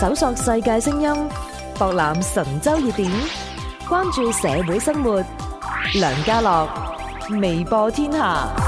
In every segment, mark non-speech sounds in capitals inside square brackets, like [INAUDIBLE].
搜索世界聲音，博覽神州熱點，關注社會生活。梁家樂，微播天下。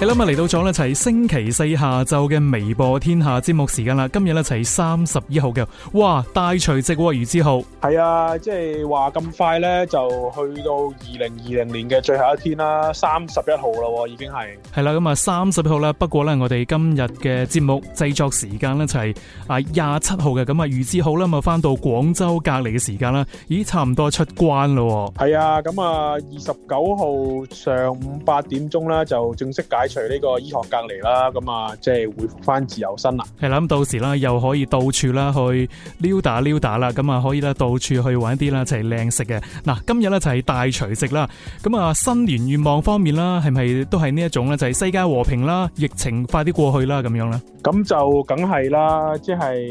係啦，咁啊嚟到咗呢，就係、是、星期四下晝嘅微播天下節目時間啦。今日呢，就係三十一號嘅，哇，大除夕喎！余志浩，係啊，即係話咁快咧，就去到二零二零年嘅最後一天啦，三十一號咯，已經係。係啦，咁啊三十一號啦，不過咧我哋今日嘅節目製作時間咧就係啊廿七號嘅，咁啊余志浩啦，咁啊翻到廣州隔離嘅時間啦，咦，差唔多出關咯。係啊，咁啊二十九號上午八點鐘啦，就正式解。解除呢個醫學隔離啦，咁啊，即係回復翻自由身啦。係啦，咁到時啦，又可以到處啦去溜達溜達啦，咁啊，可以啦，到處去玩啲啦，就係靚食嘅。嗱，今日咧就係大除夕啦，咁啊，新年願望方面啦，係咪都係呢一種咧，就係世界和平啦，疫情快啲過去啦，咁樣咧。咁就梗係啦，即係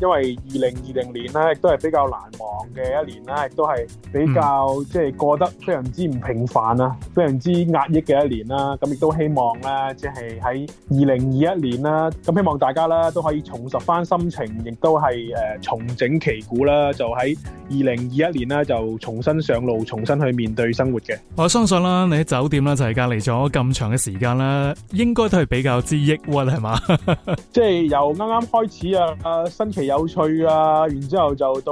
因為二零二零年咧，亦都係比較難忘嘅一年啦，亦都係比較即係過得非常之唔平凡啊、嗯，非常之壓抑嘅一年啦，咁亦都希望。啦、就是，即係喺二零二一年啦，咁希望大家啦都可以重拾翻心情，亦都係誒重整旗鼓啦，就喺二零二一年啦，就重新上路，重新去面對生活嘅。我相信啦，你喺酒店啦，就係隔離咗咁長嘅時間啦，應該都係比較之抑鬱係嘛？即係 [LAUGHS] 由啱啱開始啊，新奇有趣啊，然之後就到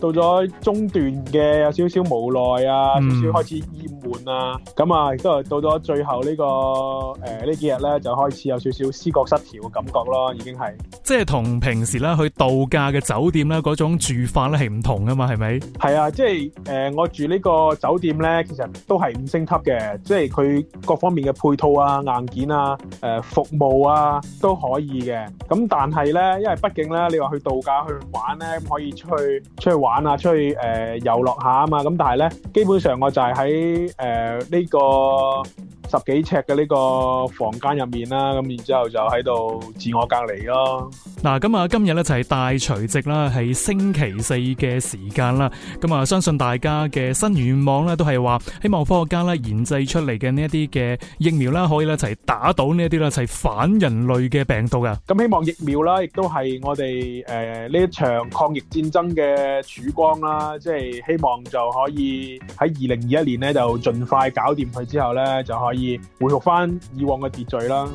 到咗中段嘅有少少無奈啊，少少開始厭悶啊，咁、嗯、啊，亦都係到咗最後呢、這個。誒、呃，呢幾日咧就開始有少少思覺失調嘅感覺咯，已經係即係同平時咧去度假嘅酒店咧嗰種住法咧係唔同㗎嘛，係咪？係啊，即係誒、呃，我住呢個酒店咧，其實都係五星級嘅，即係佢各方面嘅配套啊、硬件啊、誒、呃、服務啊都可以嘅。咁但係咧，因為畢竟咧，你話去度假去玩咧，咁可以出去出去玩啊，出去誒、呃、遊樂下啊嘛。咁但係咧，基本上我就係喺誒呢個。十幾尺嘅呢個房間入面啦，咁然之後就喺度自我隔離咯。嗱，咁啊今日呢就係大除夕啦，係星期四嘅時間啦。咁啊，相信大家嘅新願望呢，都係話，希望科學家呢研製出嚟嘅呢一啲嘅疫苗啦，可以一齊打到呢一啲咧一齊反人類嘅病毒嘅。咁希望疫苗啦，亦都係我哋誒呢一場抗疫戰爭嘅曙光啦。即係希望就可以喺二零二一年呢，就盡快搞掂佢之後呢，就可以。而回復翻以往嘅秩序啦。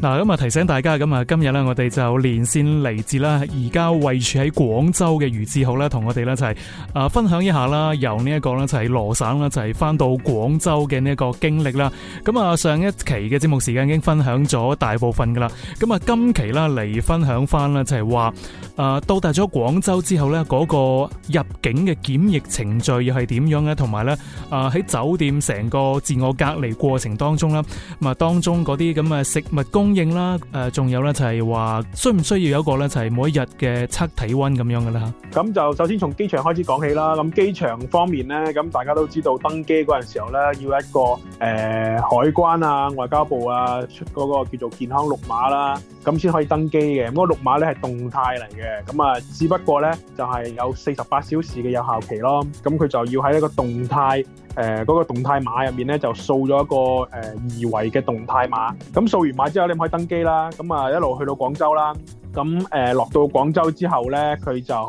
嗱，咁啊提醒大家，咁啊今日咧，我哋就連線嚟自，咧而家位處喺廣州嘅余志豪咧，同我哋咧一齊啊分享一下啦，由呢一個咧就係羅省啦，就係翻到廣州嘅呢一個經歷啦。咁啊上一期嘅節目時間已經分享咗大部分噶啦，咁啊今期咧嚟分享翻啦，就係話啊，到達咗廣州之後呢，嗰個入境嘅檢疫程序又係點樣咧，同埋呢啊喺酒店成個自我隔離過程當中啦，咁啊當中嗰啲咁嘅食物。供應啦，誒、呃，仲有咧就係、是、話，需唔需要有一個咧就係、是、每一日嘅測體温咁樣嘅咧？嚇，咁就首先從機場開始講起啦。咁機場方面咧，咁大家都知道登機嗰陣時候咧，要一個誒、呃、海關啊、外交部啊出嗰個叫做健康綠碼啦，咁先可以登機嘅。咁、那個綠碼咧係動態嚟嘅，咁啊，只不過咧就係、是、有四十八小時嘅有效期咯。咁佢就要喺一個動態。誒，嗰個動態碼入面咧就掃咗一個誒二維嘅動態碼，咁掃完碼之後，你唔可以登機啦，咁啊一路去到廣州啦。咁誒落到廣州之後咧，佢就誒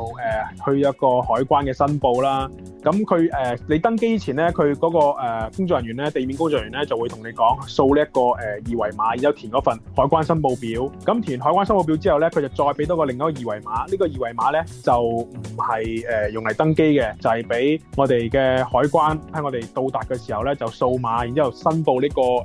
去一個海關嘅申報啦。咁佢誒你登機前咧，佢嗰個誒工作人員咧，地面工作人員咧就會同你講掃呢一個誒二維碼，然之後填嗰份海關申報表。咁填海關申報表之後咧，佢就再俾多個另一個二維碼。呢個二維碼咧就唔係誒用嚟登機嘅，就係俾我哋嘅海關喺我哋到達嘅時候咧就掃碼，然之後申報呢個誒。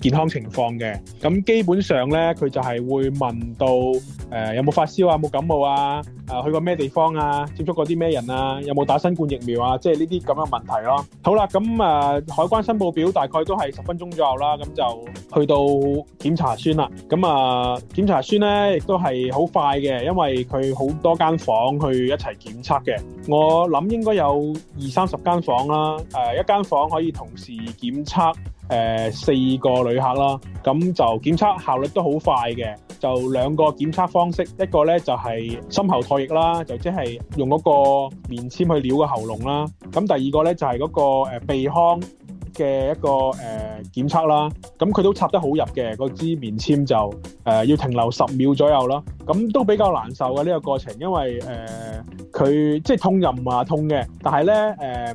健康情況嘅，咁基本上咧，佢就係會問到誒、呃、有冇發燒啊，有冇感冒啊，誒、呃、去過咩地方啊，接觸過啲咩人啊，有冇打新冠疫苗啊，即係呢啲咁嘅問題咯。好啦，咁啊、呃，海關申報表大概都係十分鐘左右啦，咁就去到檢查宣啦。咁啊、呃，檢查宣咧亦都係好快嘅，因為佢好多間房去一齊檢測嘅。我諗應該有二三十間房啦，誒、呃、一間房可以同時檢測。呃、四個旅客啦，咁就檢測效率都好快嘅，就兩個檢測方式，一個呢就係、係、深喉唾液啦，就即係用嗰個棉籤去撩個喉嚨啦，咁第二個呢，就係、係、嗰個鼻腔嘅一個誒、呃、檢測啦，咁佢都插得好入嘅，嗰支棉籤就、呃、要停留十秒左右啦。咁都比較難受嘅呢、呢個過程，因為佢、呃、即係痛又唔話痛嘅，但係呢。呃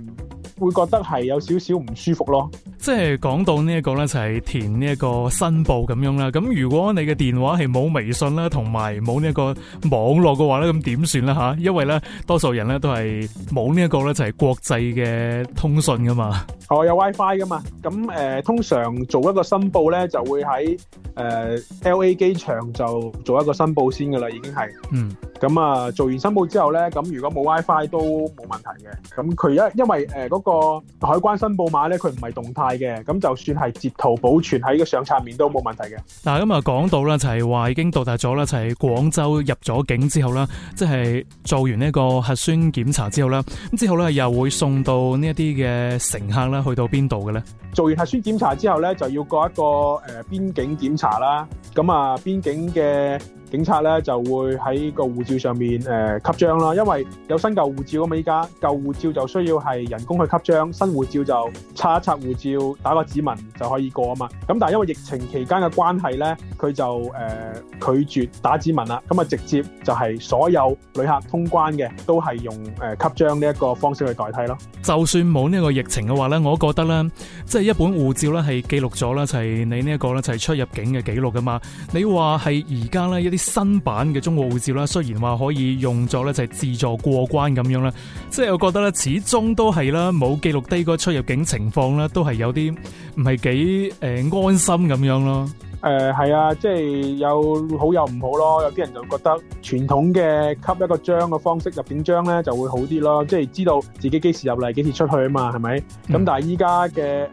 會覺得係有少少唔舒服咯，即係講到呢一個咧就係填呢一個申報咁樣啦。咁如果你嘅電話係冇微信啦，同埋冇呢一個網絡嘅話咧，咁點算咧吓？因為咧多數人咧都係冇呢一個咧就係國際嘅通訊噶嘛。哦，有 WiFi 噶嘛。咁誒，通常做一個申報咧就會喺誒 L.A. 機場就做一個申報先噶啦，已經係。嗯。咁啊，做完申報之後咧，咁如果冇 WiFi 都冇問題嘅。咁佢一因為誒嗰個。那個海關申報碼咧，佢唔係動態嘅，咁就算係截圖保存喺個相冊面都冇問題嘅。嗱、啊，咁啊講到啦，齊、就、華、是、已經到達咗啦，齊、就、廣、是、州入咗境之後啦，即、就、係、是、做完呢個核酸檢查之後啦，咁之後咧又會送到呢一啲嘅乘客咧去到邊度嘅咧？做完核酸檢查之後咧，就要過一個誒邊、呃、境檢查啦，咁啊邊境嘅。警察咧就會喺個護照上面誒、呃、蓋章啦，因為有新舊護照啊嘛，依家舊護照就需要係人工去蓋章，新護照就刷一刷護照，打個指紋就可以過啊嘛。咁但係因為疫情期間嘅關係咧，佢就誒、呃、拒絕打指紋啦，咁啊直接就係所有旅客通關嘅都係用誒、呃、蓋章呢一個方式去代替咯。就算冇呢個疫情嘅話咧，我覺得咧，即、就、係、是、一本護照咧係記錄咗啦，就係、是、你呢一個咧就係出入境嘅記錄噶嘛。你話係而家咧一啲。新版嘅中國護照啦，雖然話可以用作咧就係自助過關咁樣啦，即係我覺得咧始終都係啦，冇記錄低個出入境情況啦，都係有啲唔係幾誒安心咁樣咯。誒、呃、係啊，即係有好有唔好咯，有啲人就覺得傳統嘅吸一個章嘅方式入境章咧就會好啲咯，即係知道自己幾時入嚟、幾時出去啊嘛，係咪？咁、嗯、但係依家嘅誒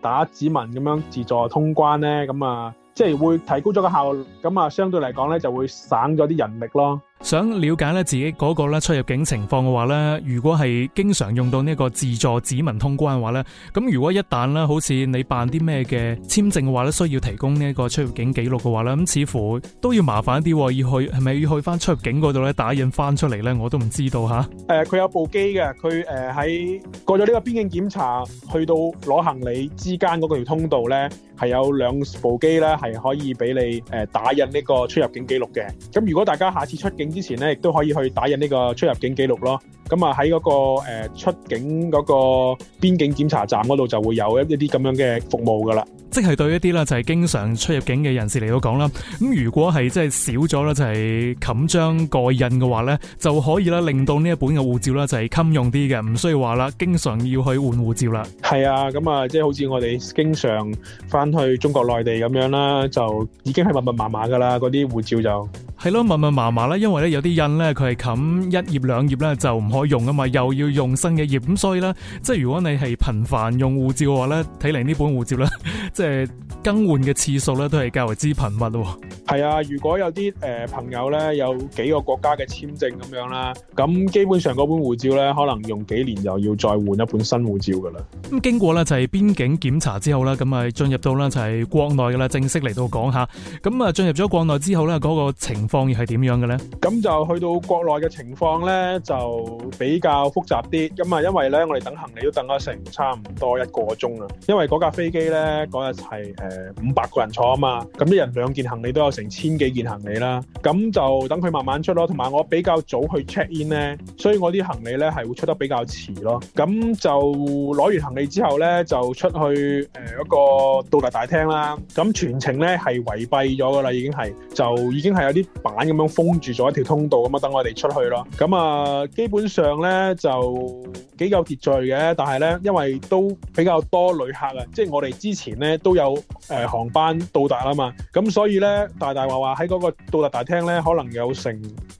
打指紋咁樣自助通關咧，咁啊。即係會提高咗個效率，咁啊相對嚟講呢，就會省咗啲人力囉。想了解咧自己嗰個咧出入境情況嘅話咧，如果係經常用到呢個自助指紋通關嘅話咧，咁如果一旦咧好似你辦啲咩嘅簽證嘅話咧，需要提供呢一個出入境記錄嘅話咧，咁似乎都要麻煩啲，要去係咪要去翻出入境嗰度咧打印翻出嚟咧？我都唔知道吓。誒，佢、呃、有部機嘅，佢誒喺過咗呢個邊境檢查，去到攞行李之間嗰條通道咧，係有兩部機咧，係可以俾你誒、呃、打印呢個出入境記錄嘅。咁如果大家下次出境，之前咧，亦都可以去打印呢個出入境記錄咯。咁啊、那個，喺嗰個誒出境嗰個邊境檢查站嗰度，就會有一一啲咁樣嘅服務噶啦。即係對一啲咧，就係、是、經常出入境嘅人士嚟到講啦。咁如果係即係少咗啦，就係、是、冚章蓋印嘅話咧，就可以啦，令到呢一本嘅護照啦，就係襟用啲嘅，唔需要話啦，經常要去換護照啦。係啊，咁啊，即係好似我哋經常翻去中國內地咁樣啦，就已經係密密麻麻噶啦，嗰啲護照就係咯、啊，密密麻麻啦，因為。咧有啲印咧，佢係冚一頁兩頁咧就唔可以用㗎嘛，又要用新嘅頁，咁所以咧，即係如果你係頻繁用護照嘅話咧，睇嚟呢本護照咧，即係。更換嘅次數咧都係較為之頻密咯。係啊，如果有啲誒朋友咧有幾個國家嘅簽證咁樣啦，咁基本上嗰本護照咧可能用幾年又要再換一本新護照噶啦。咁經過咧就係邊境檢查之後啦，咁啊進入到咧就係國內噶啦，正式嚟到講吓。咁啊進入咗國內之後咧嗰個情況又係點樣嘅咧？咁就去到國內嘅情況咧就比較複雜啲。咁啊因為咧我哋等行李都等咗成差唔多一個鐘啦，因為嗰架飛機咧嗰日係誒。誒五百個人坐啊嘛，咁一人兩件行李都有成千幾件行李啦，咁就等佢慢慢出咯。同埋我比較早去 check in 咧，所以我啲行李咧係會出得比較遲咯。咁就攞完行李之後咧，就出去誒一個到達大廳啦。咁全程咧係圍閉咗噶啦，已經係就已經係有啲板咁樣封住咗一條通道咁啊，等我哋出去咯。咁啊，基本上咧就幾有秩序嘅，但係咧因為都比較多旅客啊，即係我哋之前咧都有。誒航班到達啦嘛，咁所以咧大大話話喺嗰個到達大廳咧，可能有成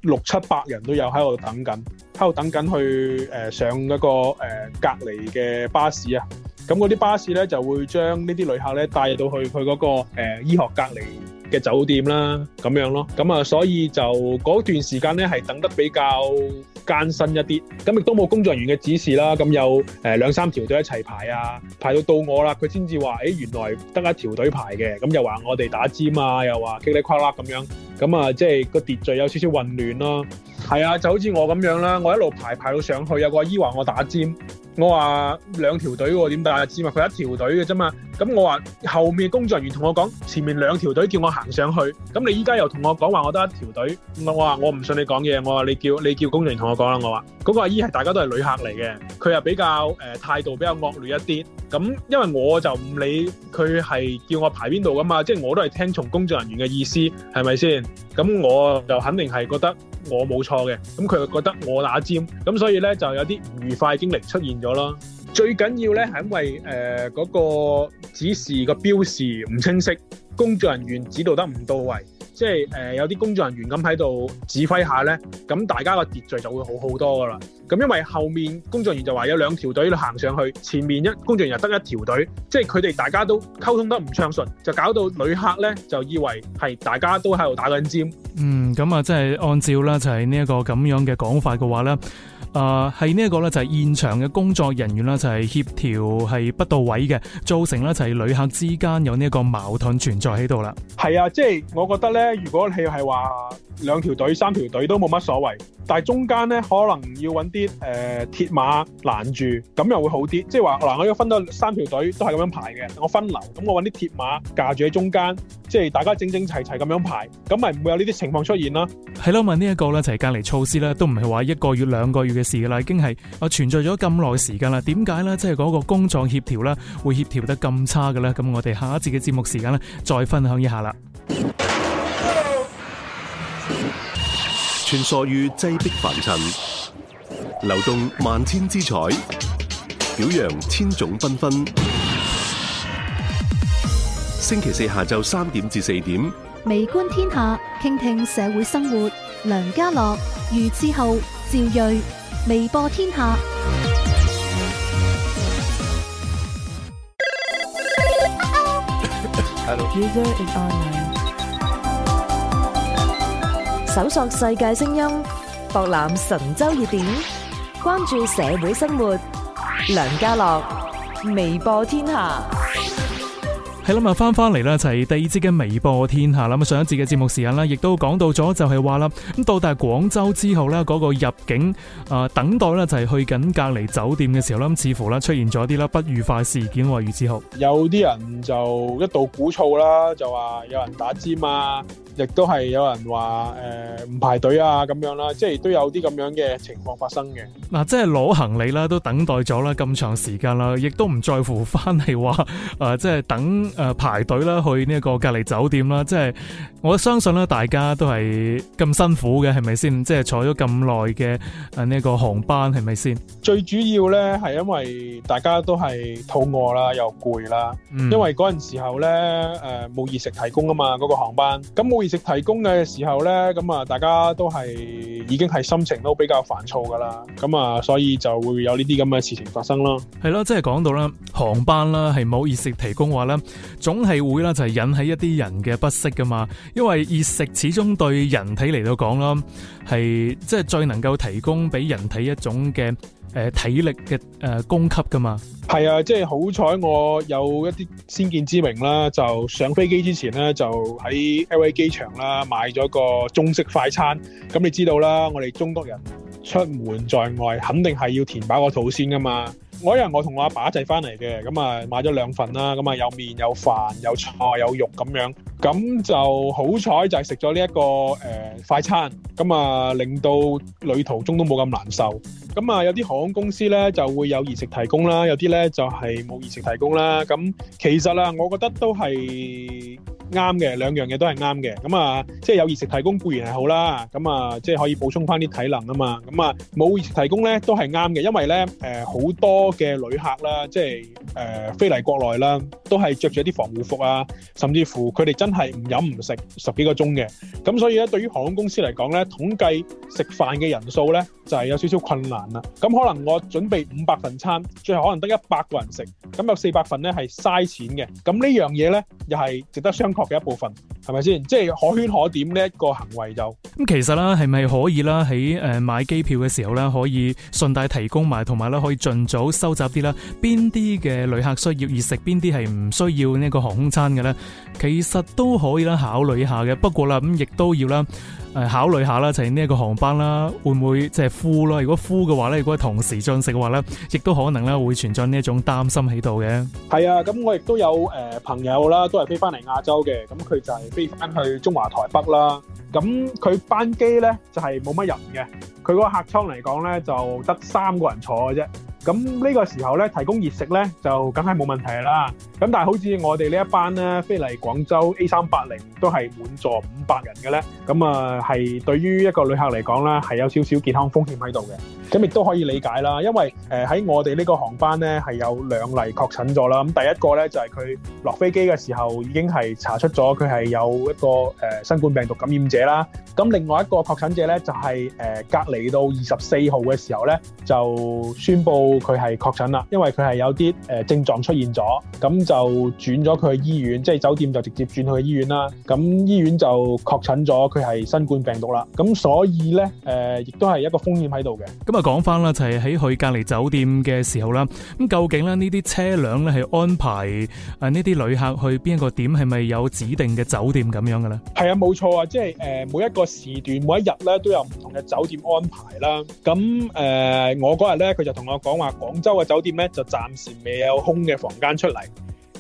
六七百人都有喺度等緊，喺度等緊去、呃、上一、嗰個、呃、隔離嘅巴士啊，咁嗰啲巴士咧就會將呢啲旅客咧帶到去佢嗰個醫、呃、醫學隔離嘅酒店啦，咁樣咯，咁啊，所以就嗰段時間咧係等得比較艱辛一啲，咁亦都冇工作人員嘅指示啦，咁有誒、呃、兩三條隊一齊排啊，排到到我啦，佢先至話，誒、欸，原來得一條隊排嘅，咁又話我哋打尖啊，又話噼里呱啦咁樣，咁啊，即係個秩序有少少混亂咯，係啊，就好似我咁樣啦，我一路排排到上去，有個阿姨話我打尖。我話兩條隊喎，點解只係佢一條隊嘅啫嘛？咁我話後面工作人員同我講前面兩條隊叫我行上去，咁你依家又同我講話我得一條隊，我話我唔信你講嘢，我話你叫你叫工作人員同我講啦，我話嗰個阿姨係大家都係旅客嚟嘅，佢又比較誒態度比較惡劣一啲，咁因為我就唔理佢係叫我排邊度噶嘛，即係我都係聽從工作人員嘅意思，係咪先？咁我就肯定係覺得。我冇錯嘅，咁佢又覺得我打尖，咁所以咧就有啲唔愉快嘅經歷出現咗咯。最緊要咧係因為誒嗰個指示個標示唔清晰，工作人員指導得唔到位。即係誒、呃、有啲工作人員咁喺度指揮下呢，咁大家個秩序就會好好多噶啦。咁因為後面工作人員就話有兩條隊行上去，前面一工作人員又得一條隊，即係佢哋大家都溝通得唔暢順，就搞到旅客呢就以為係大家都喺度打緊尖。嗯，咁啊，即係按照啦、呢個，就係呢一個咁樣嘅講法嘅話呢。啊，uh，係呢一個咧就係、是、現場嘅工作人員啦，就係協調係不到位嘅，造成咧就係旅客之間有呢一個矛盾存在喺度啦。係啊，即係我覺得咧，如果你係話。兩條隊、三條隊都冇乜所謂，但係中間呢可能要揾啲誒鐵馬攔住，咁又會好啲。即係話嗱，我要分到三條隊都係咁樣排嘅，我分流，咁我揾啲鐵馬架住喺中間，即係大家整整齊齊咁樣排，咁咪唔會有呢啲情況出現啦。係咯，問呢一個就係隔離措施呢都唔係話一個月、兩個月嘅事啦，已經係啊存在咗咁耐時間啦。點解呢？即係嗰個工作協調呢會協調得咁差嘅呢？咁我哋下一節嘅節目時間呢，再分享一下啦。穿梭於擠逼凡塵，流動萬千姿彩，表揚千種繽紛，紛。星期四下晝三點至四點，微觀天下，傾聽社會生活。梁家樂、余志浩、趙睿，睿，微播天下。Hello. Hello. Hello. Is 搜索世界聲音，博覽神州熱點，關注社會生活。梁家樂，微博天下。係啦，咁啊，翻翻嚟啦，就係第二節嘅微博天下。咁上一節嘅節目時間咧，亦都講到咗，就係話啦，咁到達廣州之後咧，嗰個入境啊，呃，等待咧就係去緊隔離酒店嘅時候咧，咁似乎咧出現咗啲咧不愉快事件，然之後有啲人就一度鼓噪啦，就話有人打尖啊。亦都係有人話誒唔排隊啊咁樣啦，即係都有啲咁樣嘅情況發生嘅。嗱、啊，即係攞行李啦，都等待咗啦咁長時間啦，亦都唔在乎翻嚟話誒，即係等誒、呃、排隊啦去呢一個隔離酒店啦。即係我相信咧，大家都係咁辛苦嘅，係咪先？即係坐咗咁耐嘅誒呢一個航班，係咪先？最主要咧係因為大家都係肚餓啦，又攰啦、嗯，因為嗰陣時候咧誒冇熱食提供啊嘛，嗰、嗰個航班咁冇，熱食提供嘅時候呢，咁啊，大家都係已經係心情都比較煩躁噶啦，咁啊，所以就會有呢啲咁嘅事情發生咯。係咯，即係講到啦，航班啦，係冇熱食提供的話呢，總係會啦，就係引起一啲人嘅不適噶嘛。因為熱食始終對人體嚟到講咯，係即係最能夠提供俾人體一種嘅。誒，體力嘅誒供給噶嘛？係啊，即係好彩，我有一啲先見之明啦，就上飛機之前咧，就喺 L A 機場啦，買咗個中式快餐。咁你知道啦，我哋中國人出門在外，肯定係要填飽個肚先噶嘛。我一日，我同我阿爸一齊翻嚟嘅，咁啊，買咗兩份啦，咁啊，有麵、有飯、有菜、有肉咁樣。咁就好彩，就係食咗呢一個誒快餐，咁啊，令到旅途中都冇咁難受。咁啊，有啲航空公司咧就會有熱食提供啦，有啲咧就係冇熱食提供啦。咁其實啊，我覺得都係啱嘅，兩樣嘢都係啱嘅。咁啊，即係有熱食提供固然係好啦，咁啊即係可以補充翻啲體能啊嘛。咁啊冇熱食提供咧都係啱嘅，因為咧誒好多嘅旅客啦，即係誒飛嚟國內啦，都係著住一啲防護服啊，甚至乎佢哋真係唔飲唔食十幾個鐘嘅。咁所以咧，對於航空公司嚟講咧，統計食飯嘅人數咧就係有少少困難。咁可能我準備五百份餐，最後可能得一百個人食，咁有四百份呢係嘥錢嘅，咁呢樣嘢呢，又係值得商榷嘅一部分，係咪先？即係可圈可點呢一個行為就咁，嗯，其實啦，係咪可以啦？喺誒、呃、買機票嘅時候呢，可以順帶提供埋，同埋咧可以盡早收集啲啦，邊啲嘅旅客需要而食邊啲係唔需要呢個航空餐嘅呢？其實都可以啦，考慮一下嘅。不過啦，咁、嗯、亦都要啦。誒考慮一下啦，就係呢一個航班啦，會唔會即係 full 囉？如果 full 嘅話咧，如果係同時進食嘅話咧，亦都可能咧會存在呢一種擔心喺度嘅。係啊，咁我亦都有誒、呃、朋友啦，都係飛翻嚟亞洲嘅，咁佢就係飛翻去中華台北啦。咁佢班機咧就係冇乜人嘅，佢嗰個客艙嚟講咧就得三個人坐嘅啫。咁呢個時候咧，提供熱食咧，就梗係冇問題啦。咁但係好似我哋呢一班咧飛嚟廣州 A380 都係滿座五百人嘅咧，咁啊係對於一個旅客嚟講咧，係有少少健康風險喺度嘅。咁亦都可以理解啦，因為誒喺我哋呢個航班咧係有兩例確診咗啦，咁第一個咧就係佢落飛機嘅時候已經係查出咗佢係有一個誒新冠病毒感染者啦，咁另外一個確診者咧就係誒隔離到二十四號嘅時候咧就宣布佢係確診啦，因為佢係有啲誒症狀出現咗，咁就轉咗佢去醫院，即係酒店就直接轉去醫院啦，咁醫院就確診咗佢係新冠病毒啦，咁所以咧誒亦都係一個風險喺度嘅。咁啊，講翻啦，就係喺去隔離酒店嘅時候啦。咁究竟咧呢啲車輛咧係安排誒呢啲旅客去邊一個點，係咪有指定嘅酒店咁樣嘅咧？係啊，冇錯啊，即係誒每一個時段每一日咧都有唔同嘅酒店安排啦。咁誒我嗰日咧佢就同我講話，廣州嘅酒店咧就暫時未有空嘅房間出嚟。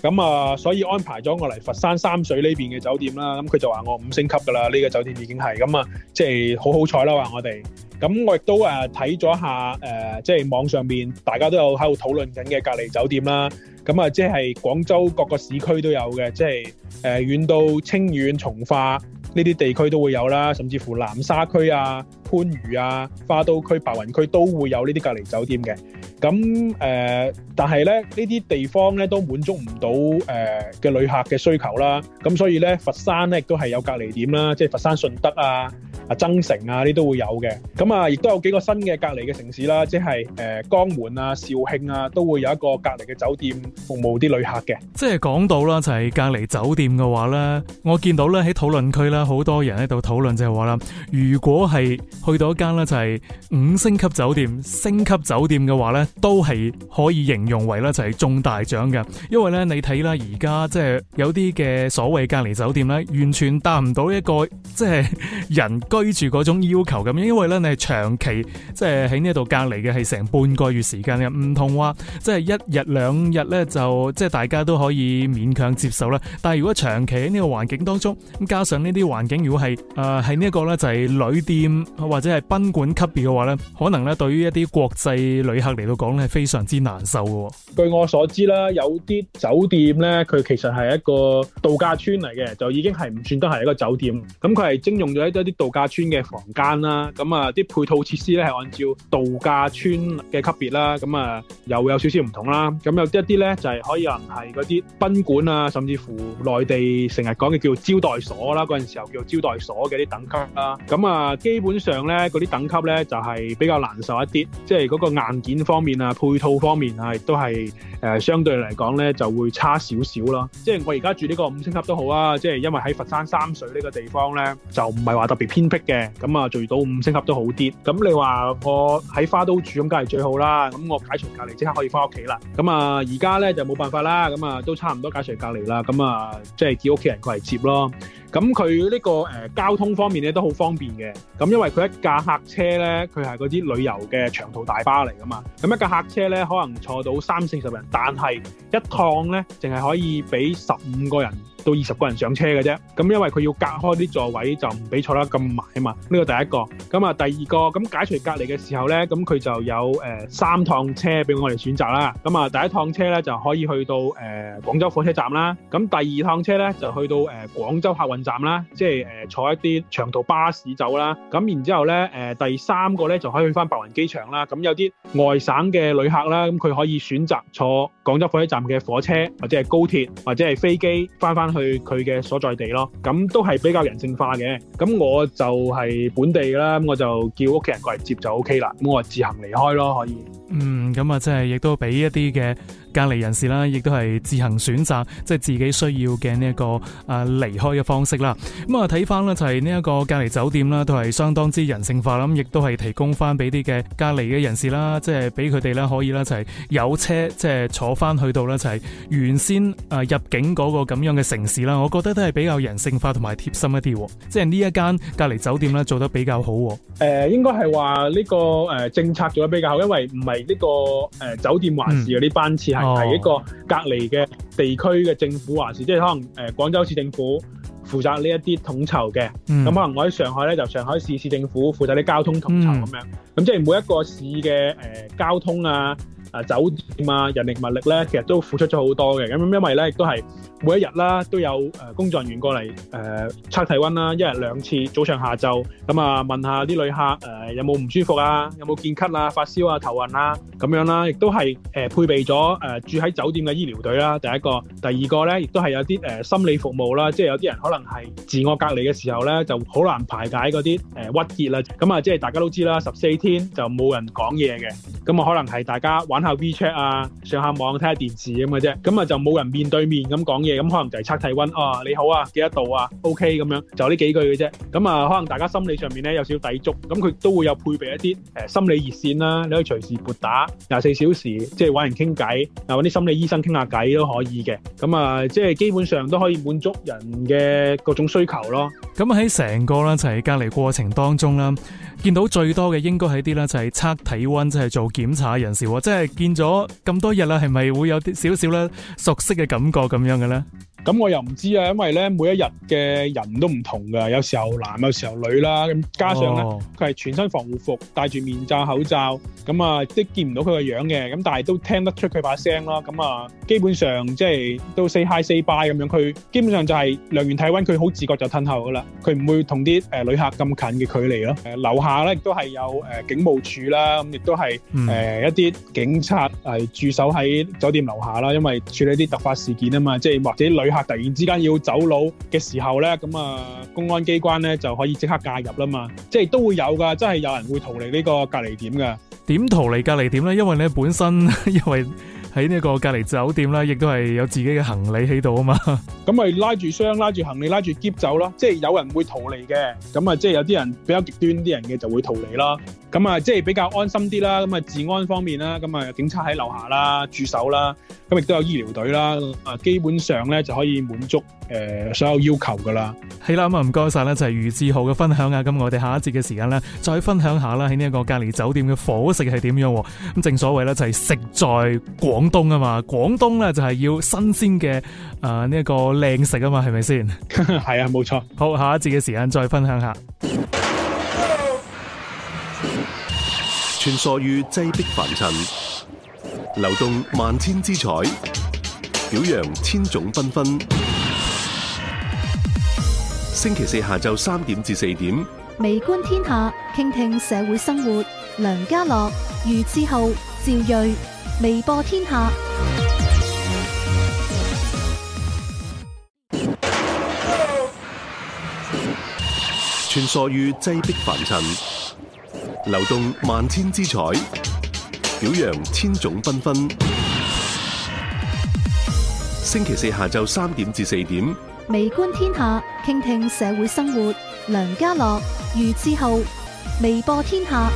咁啊，所以安排咗我嚟佛山三水呢邊嘅酒店啦。咁佢就話我五星級噶啦，呢、這個酒店已經係咁啊，即係好好彩啦，話我哋。咁我亦都啊睇咗下誒，即係網上面大家都有喺度討論緊嘅隔離酒店啦。咁啊，即係廣州各個市區都有嘅，即係誒遠到清遠、從化呢啲地區都會有啦。甚至乎南沙區啊、番禺啊、花都區、白雲區都會有呢啲隔離酒店嘅。咁誒、呃，但係咧呢啲地方咧都滿足唔到誒嘅旅客嘅需求啦。咁所以咧，佛山咧亦都係有隔離點啦，即係佛山、順德啊。啊，增城啊，呢啲都會有嘅。咁啊，亦都有幾個新嘅隔離嘅城市啦，即係誒江門啊、肇慶啊，都會有一個隔離嘅酒店服務啲旅客嘅。即係講到啦，就係隔離酒店嘅話咧，我見到咧喺討論區咧，好多人喺度討論，就係話啦，如果係去到一間咧就係五星級酒店、星級酒店嘅話咧，都係可以形容為咧就係中大獎嘅，因為咧你睇啦，而家即係有啲嘅所謂隔離酒店咧，完全達唔到一個即係、就是、人。居住嗰種要求咁，因為咧你係長期即係喺呢一度隔離嘅，係成半個月時間嘅，唔同話即係一日兩日咧，就即係大家都可以勉強接受啦。但係如果長期喺呢個環境當中，咁加上呢啲環境，如果係誒係呢一個咧，就係旅店或者係賓館級別嘅話咧，可能咧對於一啲國際旅客嚟到講咧，係非常之難受嘅。據我所知啦，有啲酒店咧，佢其實係一個度假村嚟嘅，就已經係唔算得係一個酒店，咁佢係徵用咗一啲度假村嘅房間啦，咁啊啲配套設施咧係按照度假村嘅級別啦，咁啊又會有少少唔同啦，咁有啲一啲咧就係可能係嗰啲賓館啊，甚至乎內地成日講嘅叫招待所啦，嗰陣時候叫招待所嘅啲等級啦，咁啊基本上咧嗰啲等級咧就係比較難受一啲，即係嗰個硬件方面啊，配套方面啊，亦都係誒相對嚟講咧就會差少少啦。即係我而家住呢個五星級都好啊，即係因為喺佛山三水呢個地方咧就唔係話特別偏嘅咁啊，做到五星級都好啲。咁你話我喺花都住，咁梗係最好啦。咁我解除隔離，即刻可以翻屋企啦。咁啊，而家咧就冇辦法啦。咁啊，都差唔多解除隔離啦。咁啊，即係叫屋企人過嚟接咯。咁佢呢個誒交通方面咧都好方便嘅。咁因為佢一架客車咧，佢係嗰啲旅遊嘅長途大巴嚟噶嘛。咁一架客車咧可能坐到三四十人，但係一趟咧淨係可以俾十五個人。到二十個人上車嘅啫，咁因為佢要隔開啲座位，就唔俾坐得咁埋啊嘛。呢個第一個，咁啊第二個咁解除隔離嘅時候呢，咁佢就有呃三趟車俾我哋選擇啦。咁啊第一趟車呢，就可以去到誒、呃、廣州火車站啦，咁第二趟車呢，就去到誒、呃、廣州客運站啦，即係、呃、坐一啲長途巴士走啦。咁然之後呢、呃，第三個呢，就可以去翻白雲機場啦。咁有啲外省嘅旅客啦，咁佢可以選擇坐廣州火車站嘅火車或者係高鐵或者係飛機翻翻，返去佢嘅所在地咯，咁都係比較人性化嘅。咁我就係本地啦，我就叫屋企人過嚟接就 OK 啦。咁我自行離開咯，可以。嗯，咁啊，即係亦都俾一啲嘅隔離人士啦，亦都係自行選擇，即係自己需要嘅呢一個誒離開嘅方式啦。咁啊，睇翻咧，就係呢一個隔離酒店啦，都係相當之人性化啦。咁亦都係提供翻俾啲嘅隔離嘅人士啦，即係俾佢哋咧可以咧就係有車即係坐翻去到咧就係原先誒入境嗰個咁樣嘅城。啦，我覺得都係比較人性化同埋貼心一啲，即係呢一間隔離酒店咧做得比較好，呃。誒，應該係話呢個誒、呃、政策做得比較好，因為唔係呢個誒、呃、酒店話事嗰啲班次係係、嗯哦、一個隔離嘅地區嘅政府話事。即係可能誒、呃、廣州市政府負責呢一啲統籌嘅。咁、嗯、可能我喺上海咧，就上海市市政府負責啲交通統籌咁樣。咁、嗯、即係每一個市嘅誒、呃、交通啊。誒酒店啊，人力物力咧，其實都付出咗好多嘅。咁因為咧，亦都係每一日啦，都有誒工作人員過嚟誒測體温啦，一日兩次，早上下晝。咁啊，問下啲旅客誒有冇唔舒服啊，有冇見咳啊、發燒啊、頭暈啊咁樣啦。亦都係誒配備咗誒住喺酒店嘅醫療隊啦。第一個，第二個咧，亦都係有啲誒心理服務啦。即係有啲人可能係自我隔離嘅時候咧，就好難排解嗰啲誒鬱結啦。咁啊，即係大家都知啦，十四天就冇人講嘢嘅。咁啊，可能係大家玩下 WeChat 啊，上下網睇下電視咁嘅啫，咁啊就冇人面對面咁講嘢，咁可能就係測體温，啊、哦。你好啊，幾多度啊，OK 咁樣，就呢幾句嘅啫，咁啊可能大家心理上面咧有少少抵觸，咁佢都會有配備一啲誒心理熱線啦，你可以隨時撥打，廿四小時即係搵人傾偈，啊搵啲心理醫生傾下偈都可以嘅，咁啊即係基本上都可以滿足人嘅各種需求咯。咁喺成個啦，就係隔離過程當中啦，見到最多嘅應該係啲啦，就係測體溫，即係做檢查人士喎，即係見咗咁多日啦，係咪會有啲少少咧熟悉嘅感覺咁樣嘅咧？咁我又唔知啊，因為咧每一日嘅人都唔同噶，有時候男，有時候女啦。咁加上咧，佢、oh. 係全身防護服，戴住面罩口罩，咁啊，即係見唔到佢個樣嘅。咁但係都聽得出佢把聲啦，咁啊，基本上即係都 say hi say bye 咁樣，佢基本上就係量完體温，佢好自覺就褪後噶啦。佢唔會同啲誒旅客咁近嘅距離咯。誒、呃、樓下咧亦都係有誒、呃、警務處啦，咁亦都係誒、mm. 呃、一啲警察係駐、呃、守喺酒店樓下啦，因為處理啲突發事件啊嘛，即係或者旅客。突然之間要走佬嘅時候呢，咁啊，公安機關呢就可以即刻介入啦嘛，即係都會有㗎，真係有人會逃離呢個隔離點嘅。點逃離隔離點呢？因為你本身因為喺呢個隔離酒店咧，亦都係有自己嘅行李喺度啊嘛。咁咪拉住箱、拉住行李、拉住喼走咯。即係有人會逃離嘅。咁啊，即係有啲人比較極端啲人嘅就會逃離啦。咁啊，即係比較安心啲啦。咁啊，治安方面啦，咁啊，警察喺樓下啦駐守啦，咁亦都有醫療隊啦。啊，基本上咧就可以滿足誒所有要求噶啦。係啦，咁啊，唔該晒咧，就係余志豪嘅分享啊。咁我哋下一節嘅時間咧，再分享下啦，喺呢一個隔離酒店嘅伙食係點樣。咁正所謂咧，就係食在廣東啊嘛。廣東咧就係要新鮮嘅啊呢一個靚食啊嘛，係咪先？係啊，冇錯。好，下一節嘅時間再分享下。穿梭於擠逼凡塵，流動萬千姿彩，表揚千種繽紛。星期四下晝三點至四點，微觀天下，傾聽社會生活。梁家樂、余志浩、趙睿，微播天下。穿梭於擠逼凡塵。流動萬千姿彩，表揚千種繽紛，紛。星期四下晝三點至四點，微觀天下，傾聽社會生活。梁家樂、余志浩，微播天下。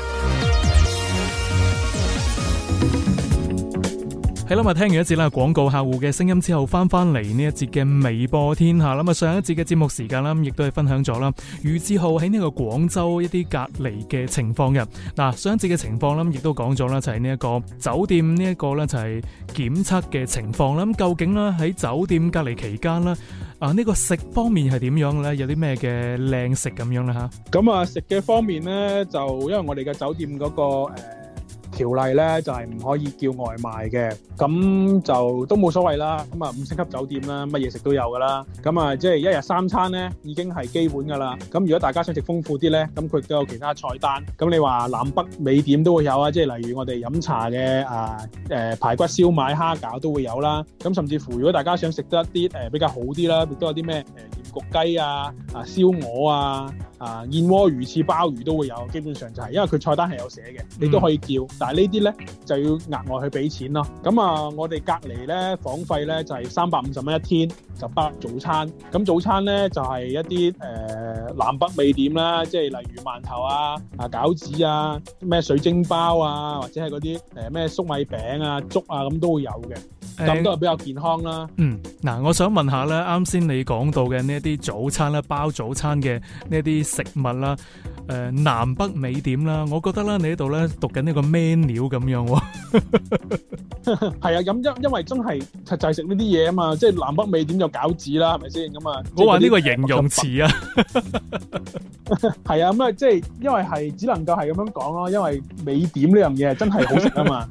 係聽完一節啦廣告客戶嘅聲音之後，翻翻嚟呢一節嘅微播天下啦。啊，上一節嘅節目時間啦，亦都係分享咗啦。余志浩喺呢個廣州一啲隔離嘅情況嘅。嗱，上一節嘅情況啦，亦都講咗啦，就係呢一個酒店呢一個咧就係檢測嘅情況啦。咁究竟喺酒店隔離期間咧啊，呢個食方面係點樣咧？有啲咩嘅靚食咁樣啦？吓，咁啊食嘅方面咧，就因為我哋嘅酒店嗰、那個誒。呃條例咧就係、是、唔可以叫外賣嘅，咁就都冇所謂啦。咁啊五星級酒店啦，乜嘢食都有噶啦。咁啊即係一日三餐咧已經係基本噶啦。咁如果大家想食豐富啲咧，咁佢都有其他菜單。咁你話南北美點都會有啊，即係例如我哋飲茶嘅啊，誒排骨燒賣、蝦餃都會有啦。咁甚至乎如果大家想食得一啲誒比較好啲啦，亦都有啲咩誒鹽焗雞啊、啊燒鵝啊。啊燕窩魚翅鮑魚都會有，基本上就係、是、因為佢菜單係有寫嘅，你都可以叫。嗯、但係呢啲呢，就要額外去俾錢咯。咁啊，我哋隔離呢，房費呢就係三百五十蚊一天，就包早餐。咁早餐呢，就係、是、一啲誒、呃、南北味點啦，即係例如饅頭啊、啊餃子啊、咩水晶包啊，或者係嗰啲誒咩粟米餅啊、粥啊，咁都會有嘅。咁、欸、都係比較健康啦。嗯，嗱，我想問下呢，啱先你講到嘅呢啲早餐呢包早餐嘅呢啲。食物啦，誒、呃，南北美點啦，我覺得啦，你呢度咧讀緊呢個 menu 咁樣喔？係 [LAUGHS] 啊，因因因為真係就係食呢啲嘢啊嘛，即、就、係、是、南北美點就餃子啦，係咪先咁啊？我話呢個形容詞啊， [LAUGHS] 啊，係啊，咁啊，即係因為係只能夠係咁樣講咯，因為美點呢樣嘢係真係好食 [LAUGHS] 啊嘛，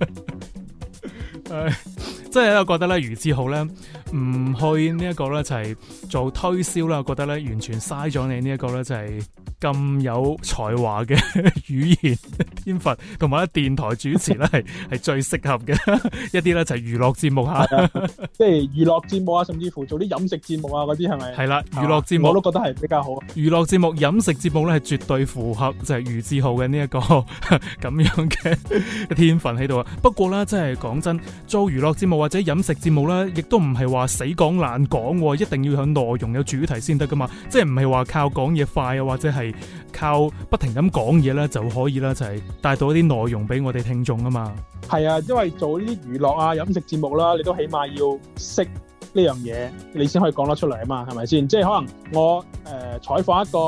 即係我覺得咧，如此好咧。唔去呢一個咧就係、是、做推銷啦，我覺得咧完全嘥咗你呢一個咧就係、是、咁有才華嘅語言天分同埋咧電台主持咧係係最適合嘅一啲咧就係娛樂節目吓，啊、 [LAUGHS] 即係娛樂節目啊，甚至乎做啲飲食節目是是啊嗰啲係咪？係啦，娛樂節目我都覺得係比較好。娛樂節目、飲食節目咧係絕對符合就係余志浩嘅呢一個咁 [LAUGHS] 這樣嘅的笑天分喺度啊。不過咧即係講真，真，做娛樂節目或者飲食節目咧，亦都唔係話。話死講爛講，一定要有內容有主題先得噶嘛，即係唔係話靠講嘢快啊，或者係靠不停咁講嘢咧就可以啦，就係帶到啲內容俾我哋聽眾啊嘛。係啊，因為做呢啲娛樂啊、飲食節目啦，你都起碼要識呢樣嘢，你先可以講得出嚟啊嘛，係咪先？即係可能我誒採訪一個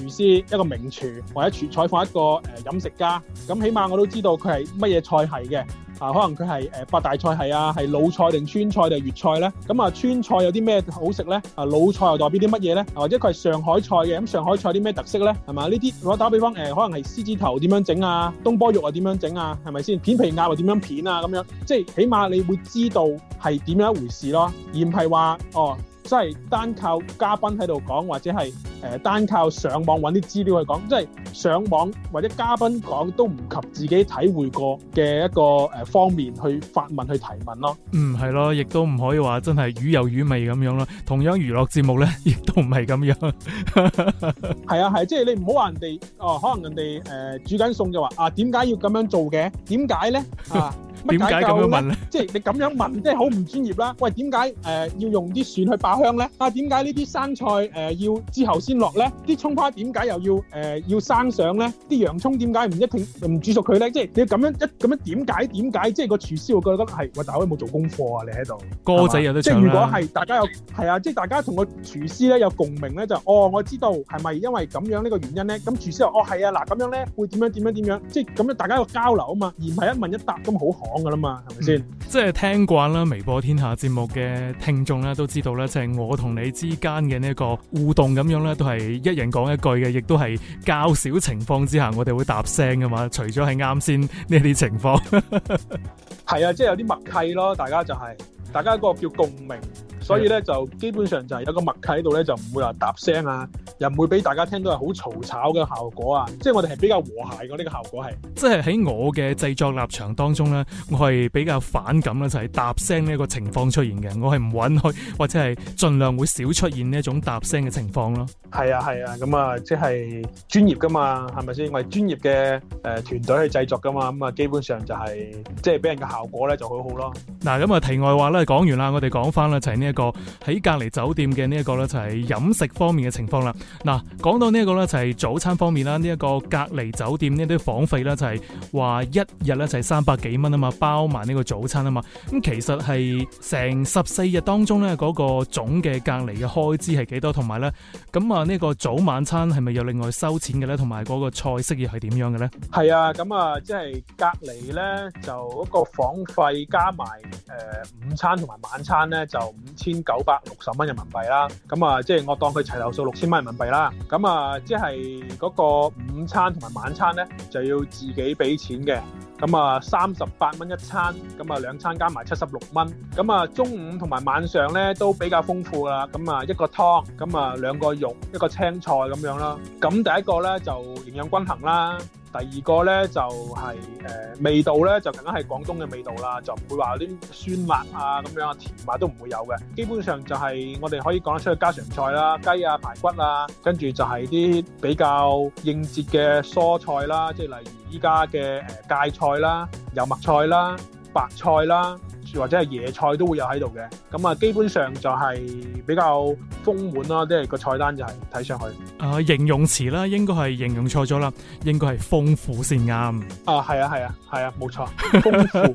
廚師，一個名廚，或者廚採訪一個誒飲食家，咁起碼我都知道佢係乜嘢菜系嘅。啊，可能佢係誒八大菜系啊，係魯菜定川菜定粵菜咧？咁啊，川菜有啲咩好食咧？啊，魯菜又代表啲乜嘢咧？或者佢係上海菜嘅？咁、啊、上海菜有啲咩特色咧？係嘛？呢啲如果打比方誒、呃，可能係獅子頭點樣整啊？東坡肉又點樣整啊？係咪先？片皮鴨又點樣片啊？咁樣，即係起碼你會知道係點樣一回事咯，而唔係話哦。即係單靠嘉賓喺度講，或者係誒單靠上網揾啲資料去講，即係上網或者嘉賓講都唔及自己體會過嘅一個誒方面去發問去提問咯。嗯，係咯，亦都唔可以話真係魚有魚味咁樣咯。同樣娛樂節目咧，亦都唔係咁樣。係 [LAUGHS] 啊，係，即係你唔好話人哋哦，可能人哋誒煮緊餸就話啊，點解要咁樣做嘅？點解咧？啊！ [LAUGHS] 點解咁樣問咧？即係你咁樣問，即係好唔專業啦。喂，點解誒要用啲蒜去爆香咧？啊，點解呢啲生菜誒要之後先落咧？啲葱花點解又要誒要生上咧？啲洋葱點解唔一定唔煮熟佢咧？即係你要咁樣一咁樣點解點解？即係個廚師會覺得係，喂，大佬有冇做功課啊？你喺度歌仔有得唱啊。即係如果係大家有係啊，即係大家同個廚師咧有共鳴咧，就哦，我知道係咪因為咁樣呢個原因咧？咁廚師話：哦係啊，嗱咁樣咧會點樣點樣點樣？即係咁樣大家有交流啊嘛，而唔係一問一答咁好寒。講噶啦嘛，係咪先？即係聽慣啦，微博天下節目嘅聽眾咧，都知道咧，即係我同你之間嘅呢個互動咁樣咧，都係一人講一句嘅，亦都係較少情況之下，我哋會答聲噶嘛。除咗係啱先呢啲情況，係啊，即係有啲默契咯，大家就係大家嗰個叫共鳴。所以咧就基本上就係有個默契喺度咧，就唔會話嗒聲啊，又唔會俾大家聽到係好嘈吵嘅效果啊，即係我哋係比較和諧嘅呢個效果係。即係喺我嘅製作立場當中咧，我係比較反感咧，就係嗒聲呢個情況出現嘅，我係唔允許或者係儘量會少出現呢一種嗒聲嘅情況咯。係啊係啊，咁啊即係專業噶嘛，係咪先？我係專業嘅誒團隊去製作噶嘛，咁啊基本上就係即係俾人嘅效果咧就好好咯。嗱咁啊題外話咧講完啦，我哋講翻啦，就係呢～這個喺隔離酒店嘅呢一個呢就係飲食方面嘅情況啦。嗱，講到呢一個呢就係早餐方面啦，呢、這、一個隔離酒店呢啲房費呢，就係話一日呢，就係三百幾蚊啊嘛，包埋呢個早餐啊嘛。咁其實係成十四日當中的的呢，嗰個總嘅隔離嘅開支係幾多？同埋呢，咁啊呢個早晚餐係咪有另外收錢嘅呢？同埋嗰個菜式又係點樣嘅呢？係啊，咁啊即係隔離呢，就嗰個房費加埋誒、呃、午餐同埋晚餐呢，就千九百六十蚊人民幣啦，咁啊即係我當佢齊頭數六千蚊人民幣啦，咁啊即係嗰個午餐同埋晚餐呢，就要自己俾錢嘅，咁啊三十八蚊一餐，咁啊兩餐加埋七十六蚊，咁啊中午同埋晚上呢，都比較豐富噶啦，咁啊一個湯，咁啊兩個肉，一個青菜咁樣啦，咁第一個呢，就營養均衡啦。第二個咧就係、是、誒、呃、味道咧就更加係廣東嘅味道啦，就唔會話啲酸辣啊咁樣啊甜啊都唔會有嘅。基本上就係我哋可以講得出嘅家常菜啦，雞啊排骨啊，跟住就係啲比較應節嘅蔬菜啦，即係例如依家嘅誒芥菜啦、油麥菜啦、白菜啦。或者係野菜都會有喺度嘅，咁啊，基本上就係比較豐滿啦，即係個菜單就係、是、睇上去。啊，形容詞啦，應該係形容錯咗啦，應該係豐富先啱。啊，係啊，係啊，係啊，冇錯。 [LAUGHS] 豐富。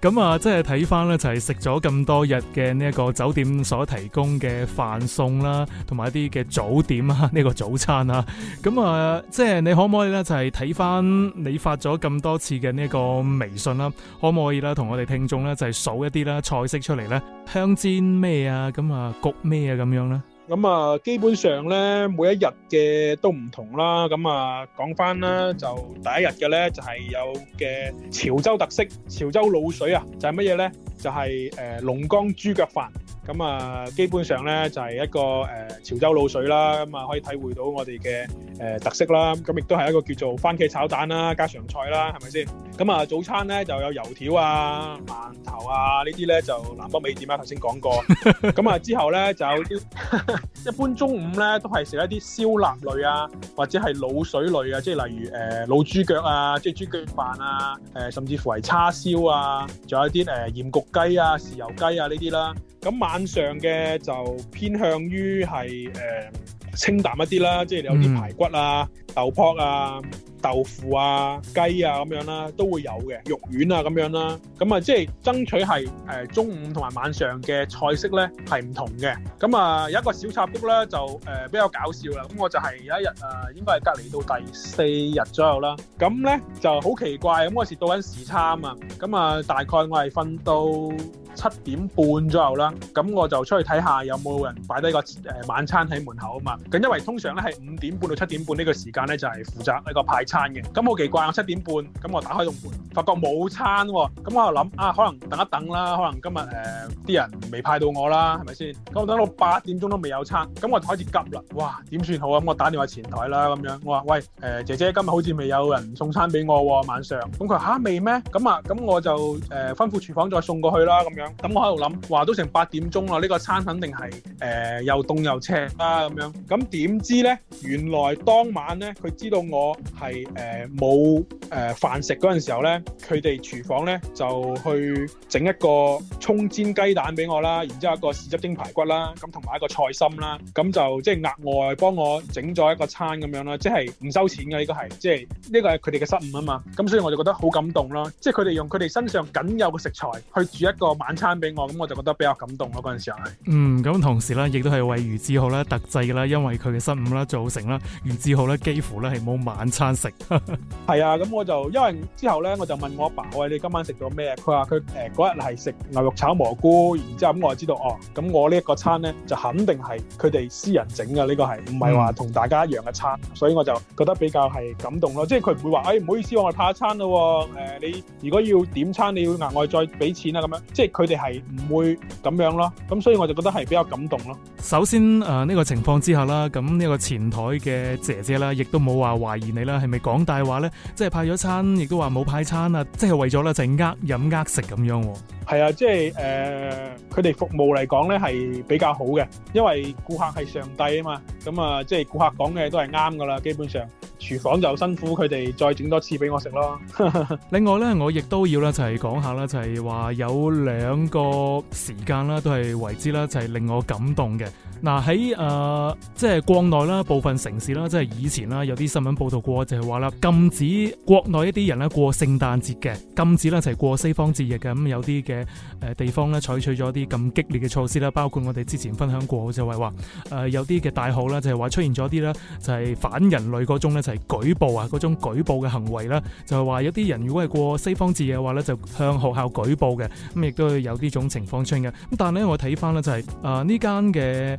咁 [LAUGHS] 啊，即係睇翻咧，就係食咗咁多日嘅呢一個酒店所提供嘅飯餸啦，同埋一啲嘅早點啊，呢、這個早餐啊。咁啊，即係你可唔可以咧，就係睇翻你發咗咁多次嘅呢個微信啦，可唔可以咧，同我哋聽眾咧？就係、是、數一啲啦，菜式出嚟咧，香煎咩啊，咁啊焗咩啊，咁樣咧。咁啊，基本上咧，每一日嘅都唔同啦。咁啊，講翻啦，就第一日嘅咧，就係有嘅潮州特色，潮州滷水啊，就係乜嘢咧？就係、是、誒、呃、龍江豬腳飯，咁啊基本上咧就係、是、一個誒、呃、潮州滷水啦，咁啊可以體會到我哋嘅誒特色啦，咁亦都係一個叫做番茄炒蛋啦、家常菜啦，係咪先？咁啊早餐咧就有油條啊、饅頭啊這些呢啲咧就南北美點啊頭先講過，咁 [LAUGHS] 啊之後咧就有啲 [LAUGHS] 一般中午咧都係食一啲燒臘類啊，或者係滷水類啊，即係例如誒滷、呃、豬腳啊，即係豬腳飯啊，誒、呃、甚至乎係叉燒啊，仲有一啲誒鹽焗呃雞啊，豉油雞啊，呢啲啦。咁晚上嘅就偏向於係誒。清淡一啲啦，即係有啲排骨啊、豆卜啊、豆腐啊、雞啊咁樣啦，都會有嘅肉丸啊咁樣啦。咁啊，即係爭取係誒中午同埋晚上嘅菜式咧係唔同嘅。咁啊有一個小插曲咧就誒、呃、比較搞笑啦。咁我就係有一日誒應該係隔離到第四日左右啦。咁咧就好奇怪，咁嗰時到緊時差啊嘛。咁啊大概我係瞓到。七點半左右啦，咁我就出去睇下有冇人擺低個誒晚餐喺門口啊嘛。咁因為通常咧係五點半到七點半呢個時間咧就係負責呢個派餐嘅。咁好奇怪，我七點半咁我打開棟門，發覺冇餐喎。咁我就諗啊，可能等一等啦，可能今日呃、啲人未派到我啦，係咪先？咁我等到八點鐘都未有餐，咁我就開始急啦。哇，點算好啊？咁我打電話前台啦，咁樣我話喂、呃、姐姐，今日好似未有人送餐俾我喎晚上。咁佢話嚇未咩？咁啊咁我就、呃、吩咐廚房再送過去啦咁樣。咁我喺度諗，話都成八點鐘啦，呢、這個餐肯定係誒、呃、又凍又赤啦，啊、咁樣。咁點知呢？原來當晚呢，佢知道我係誒冇誒飯食嗰陣時候呢，佢哋廚房呢就去整一個蔥煎雞蛋俾我啦，然之後一個豉汁蒸排骨啦，咁同埋一個菜心啦，咁就即係額外幫我整咗一個餐咁樣啦，即係唔收錢嘅呢個係，即係呢個係佢哋嘅失誤啊嘛。咁所以我就覺得好感動啦，即係佢哋用佢哋身上僅有嘅食材去煮一個晚餐俾我，咁我就覺得比較感動咯。嗰陣時係，嗯，咁同時咧，亦都係為余志浩咧特製嘅啦，因為佢嘅失誤啦造成啦，余志浩咧幾乎咧係冇晚餐食。係 [LAUGHS] 啊，咁我就因為之後咧，我就問我阿爸，喂，你今晚食咗咩？佢話佢誒嗰日係食牛肉炒蘑菇，然之後咁我就知道哦，咁我呢一個餐咧就肯定係佢哋私人整嘅，呢個係，唔係話同大家一樣嘅餐，嗯，所以我就覺得比較係感動咯。即係佢唔會話，哎唔好意思，我哋怕餐咯，哦，誒、呃、你如果要點餐，你要額外再俾錢啊咁樣，即係。佢哋係唔會咁樣咯，咁所以我就覺得係比較感動咯。首先，誒、呃、呢、這個情況之下啦，咁、這、呢個前台嘅姐姐啦，亦都冇話懷疑你啦，係咪講大話咧？即係派咗餐，亦都話冇派餐、就是、為樣啊！即係為咗啦，整呃飲呃食咁樣。係啊，即係誒，佢哋服務嚟講咧係比較好嘅，因為顧客係上帝啊嘛，咁啊即係顧客講嘅都係啱㗎啦，基本上廚房就辛苦佢哋再整多次俾我食咯。 [LAUGHS] 另外咧，我亦都要啦，就係講下啦，就係話有兩。兩個時間啦，都係為之啦，就係令我感動嘅。嗱，喺誒即係國內啦，部分城市啦，即係以前啦，有啲新聞報道過，就係話啦，禁止國內一啲人咧過聖誕節嘅，禁止咧就係、是、過西方節日嘅，咁、嗯、有啲嘅、呃、地方咧採取咗啲咁激烈嘅措施啦，包括我哋之前分享過就係話有啲嘅大學啦，就係、是、話、呃就是、出現咗啲咧就係反人類嗰種咧就係、是、舉報啊嗰種舉報嘅行為啦，就係、是、話有啲人如果係過西方節嘅話咧，就向學校舉報嘅，咁、嗯、亦都有呢種情況出現嘅。咁、嗯、但係咧我睇翻咧就係、是、呢、呃、間嘅。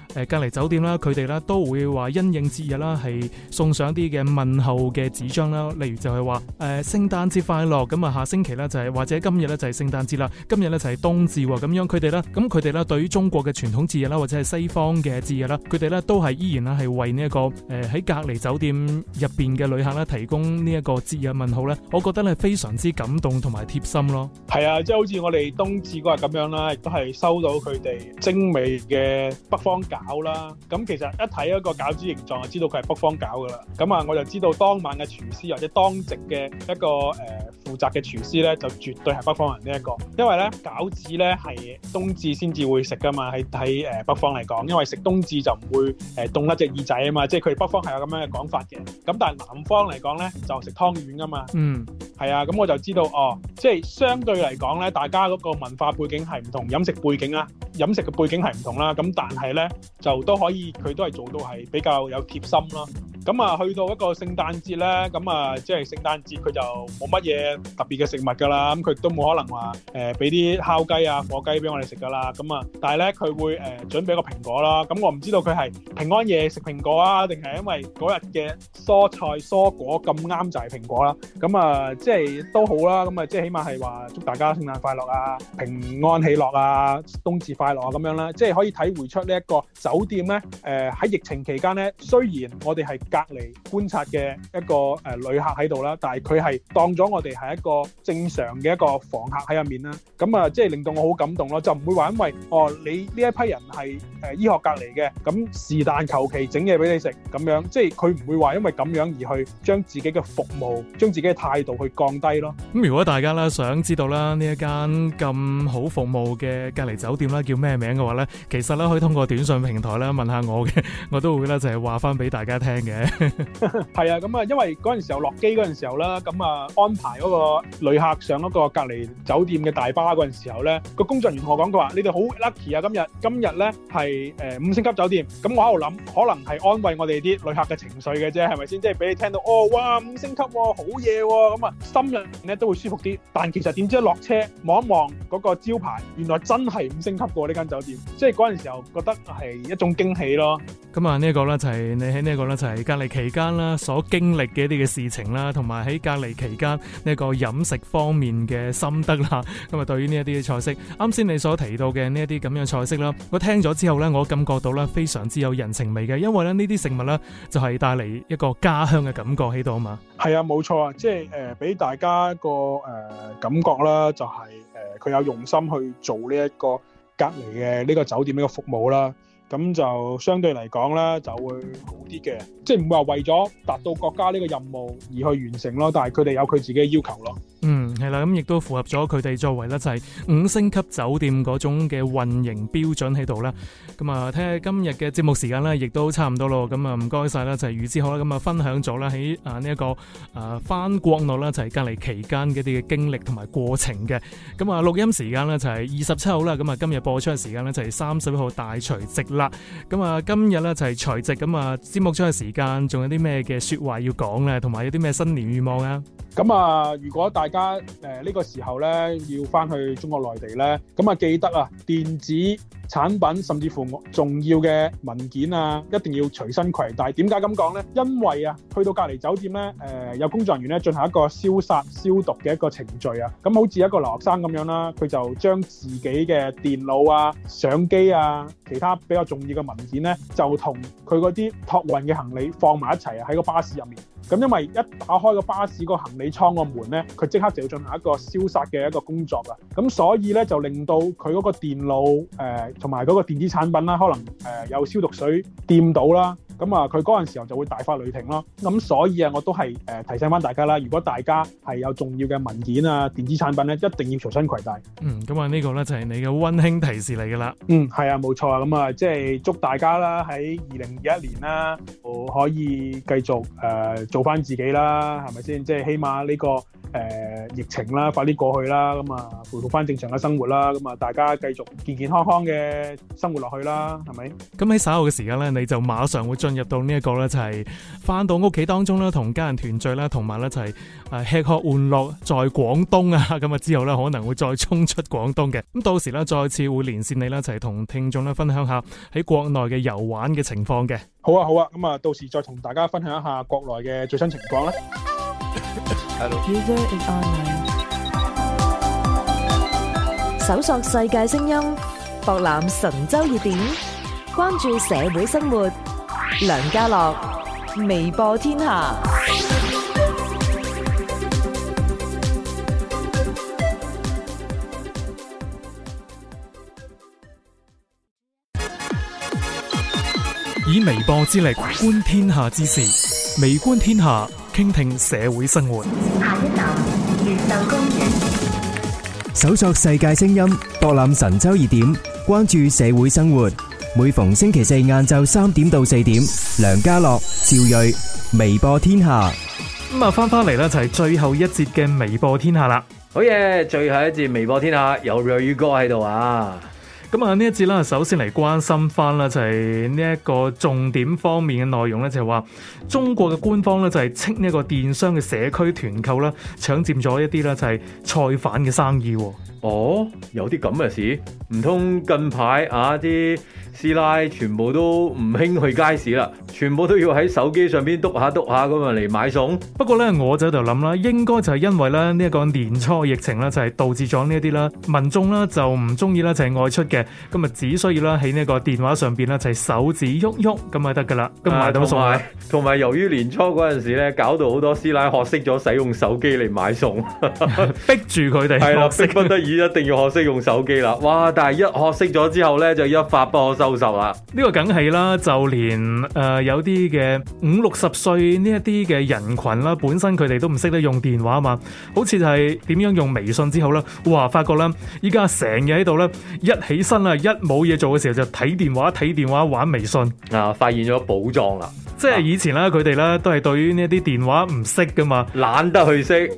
誒隔離酒店啦，佢哋咧都會話因應節日啦，係送上啲嘅問候嘅紙張啦。例如就係話誒聖誕節快樂，咁啊下星期啦，就是，就係或者今日咧就係聖誕節啦，今日咧就係冬至咁樣。佢哋啦，咁佢哋咧對於中國嘅傳統節日啦，或者係西方嘅節日啦，佢哋咧都係依然啦係為呢、這、一個誒喺、呃、隔離酒店入邊嘅旅客咧提供呢一個節日問候咧。我覺得咧非常之感動同埋貼心咯。係啊，即、就、係、是、好似我哋冬至嗰日咁樣啦，亦都係收到佢哋精美嘅北方餃啦，咁其實一睇一個餃子形狀就知道佢係北方餃噶啦。咁啊，我就知道當晚嘅廚師或者當值嘅一個誒。呃負責嘅廚師咧，就絕對係北方人呢、這、一個，因為咧餃子咧係冬至先至會食噶嘛，喺喺誒北方嚟講，因為食冬至就唔會誒凍甩隻耳仔啊嘛，即係佢哋北方係有咁樣嘅講法嘅。咁但係南方嚟講咧，就食湯圓噶嘛。嗯，係啊，咁我就知道哦，即係相對嚟講咧，大家嗰個文化背景係唔同，飲食背景啊，飲食嘅背景係唔同啦。咁但係咧，就都可以佢都係做到係比較有貼心咯。咁啊，去到一個聖誕節咧，咁啊，即係聖誕節佢就冇乜嘢特別嘅食物㗎啦，咁佢都冇可能話誒俾啲烤雞啊、火雞俾我哋食㗎啦，咁啊，但係咧佢會誒準備一個蘋果啦，咁我唔知道佢係平安夜食蘋果啊，定係因為嗰日嘅蔬菜蔬果咁啱就係蘋果啦，咁啊，即係都好啦，咁啊，即係起碼係話祝大家聖誕快樂啊、平安喜樂啊、冬至快樂啊咁樣啦，即係可以體會出呢一個酒店咧，誒喺疫情期間咧，雖然我哋係隔離觀察嘅一個誒旅客喺度啦，但係佢係當咗我哋係一個正常嘅一個房客喺入面啦，咁啊，即係令到我好感動咯，就唔會話因為哦你呢一批人係誒醫學隔離嘅，咁是但求其整嘢俾你食咁樣，即係佢唔會話因為咁樣而去將自己嘅服務、將自己嘅態度去降低咯。咁如果大家咧想知道啦，呢一間咁好服務嘅隔離酒店啦，叫咩名嘅話咧，其實咧可以通過短信平台啦問下我嘅，我都會咧就係話翻俾大家聽嘅。係啊，咁啊，因為嗰陣時候落機嗰陣時候啦，咁啊安排嗰個旅客上嗰個隔離酒店嘅大巴嗰陣時候呢，個工作人員同我講佢話：，你哋好 lucky 啊，今日今日呢係誒、呃、五星級酒店。咁我喺度諗，可能係安慰我哋啲旅客嘅情緒嘅啫，係咪先？即係俾你聽到，哦，哇，五星級、哦，好嘢喎！咁啊，心入面咧都會舒服啲。但其實點知看一落車望一望嗰個招牌，原來真係五星級過呢間酒店。即係嗰陣時候覺得係一種驚喜咯。咁啊呢一個咧就係、是、你喺呢個咧就係、是。隔離期間啦，所經歷嘅一啲嘅事情啦，同埋喺隔離期間呢個飲食方面嘅心得啦，咁啊，對於呢一啲嘅菜式，啱先你所提到嘅呢一啲咁樣菜式啦，我聽咗之後呢，我感覺到呢非常之有人情味嘅，因為呢呢啲食物呢，就係帶嚟一個家鄉嘅感覺喺度啊嘛。係啊，冇錯啊，即係誒俾大家個誒、呃、感覺啦、就是，就係誒佢有用心去做呢一個隔離嘅呢個酒店呢個服務啦。咁就相對嚟講咧，就會好啲嘅，即係唔會話為咗達到國家呢個任務而去完成囉，但係佢哋有佢自己嘅要求囉。嗯，係啦，咁亦都符合咗佢哋作為咧就係五星級酒店嗰種嘅運營標準喺度啦。咁啊，睇下今日嘅節目時間呢，亦都差唔多咯。咁啊，唔該晒啦，就係預之好啦，咁啊，分享咗啦喺啊呢一個啊翻國內啦，就係隔離期間嗰啲嘅經歷同埋過程嘅。咁啊，錄音時間呢，就係二十七號啦。咁啊，今日播出嘅時間呢，就係三十一號大除夕啦。咁啊，今日呢，就係除夕，咁啊，節目出嘅時間仲有啲咩嘅說話要講咧，同埋有啲咩新年願望啊？咁啊，如果大家誒呢、呃這個時候咧要翻去中國內地咧，咁啊記得啊，電子產品甚至乎重要嘅文件啊，一定要隨身攜帶。點解咁講咧？因為啊，去到隔離酒店咧，誒、呃、有工作人員咧進行一個消殺、消毒嘅一個程序啊。咁好似一個留學生咁樣啦、啊，佢就將自己嘅電腦啊、相機啊、其他比較重要嘅文件咧，就同佢嗰啲託運嘅行李放埋一齊啊，喺個巴士入面。咁因為一打開個巴士個行李倉個門咧，佢即刻就要進行一個消殺嘅一個工作啦。咁所以咧就令到佢嗰個電腦同埋嗰個電子產品啦，可能誒、呃、有消毒水掂到啦。咁啊，佢嗰陣時候就會大發雷霆咯。咁所以啊，我都係誒提醒翻大家啦。如果大家係有重要嘅文件啊、電子產品咧，一定要隨身攜帶。嗯，咁啊，呢個咧就係你嘅温馨提示嚟㗎啦。嗯，係啊，冇錯啊。咁啊，即係祝大家啦，喺二零二一年啦，我可以繼續誒做翻自己啦，係咪先？即係起碼呢個。誒、呃、疫情啦，快啲過去啦，咁啊，恢復翻正常嘅生活啦，咁啊，大家繼續健健康康嘅生活落去啦，係咪？咁喺稍後嘅時間呢，你就馬上會進入到呢一個呢就係、是、翻到屋企當中啦，同家人團聚啦，同埋呢就係、是、誒吃喝玩樂在廣東啊，咁啊之後呢可能會再衝出廣東嘅，咁到時呢，再次會連線你啦，一齊同聽眾呢分享下喺國內嘅遊玩嘅情況嘅。好啊，好啊，咁啊，到時再同大家分享一下國內嘅最新情況啦。搜索世界聲音，博覽神州熱點，關注社會生活。梁家樂，微播天下，以微播之力觀天下之事，微觀天下。傾聽社會生活。下一站，越秀公園。搜索世界聲音，博覽神州熱點，關注社會生活。每逢星期四晏晝三點到四點，梁家樂、趙瑞，微播天下。咁啊，翻返嚟啦，就係最後一節嘅微播天下啦。好嘢，最後一節微播天下有粵語歌喺度啊！咁啊，呢一節啦，首先嚟關心翻啦，就係呢一個重點方面嘅內容咧，就係話中國嘅官方咧，就係稱呢一個電商嘅社區團購啦，搶占咗一啲咧，就係菜販嘅生意。哦，有啲咁嘅事，唔通近排啊啲師奶全部都唔興去街市啦，全部都要喺手機上邊篤下篤下咁啊嚟買餸。不過呢，我就喺度諗啦，應該就係因為咧呢一個年初疫情咧，就係導致咗呢一啲啦，民眾咧就唔中意啦，就係外出嘅，咁啊只需要啦喺呢個電話上邊啦，就係手指喐喐咁就得噶啦，咁買到餸。同埋，同埋由於年初嗰陣時咧，搞到好多師奶學識咗使用手機嚟買餸， [LAUGHS] 逼住佢哋係咯，逼不得已。 [LAUGHS] 一定要學識用手機啦，哇！但係一學識咗之後呢，就一發不可收拾啦。呢個梗係啦，就連誒、呃、有啲嘅五六十歲呢一啲嘅人群啦，本身佢哋都唔識得用電話啊嘛，好似係點樣用微信之後呢，哇！發覺呢，依家成日喺度呢，一起身啊，一冇嘢做嘅時候就睇電話睇電話玩微信啊！發現咗寶藏啦！即係以前咧，佢哋呢都係對於呢啲電話唔識噶嘛，懶得去識，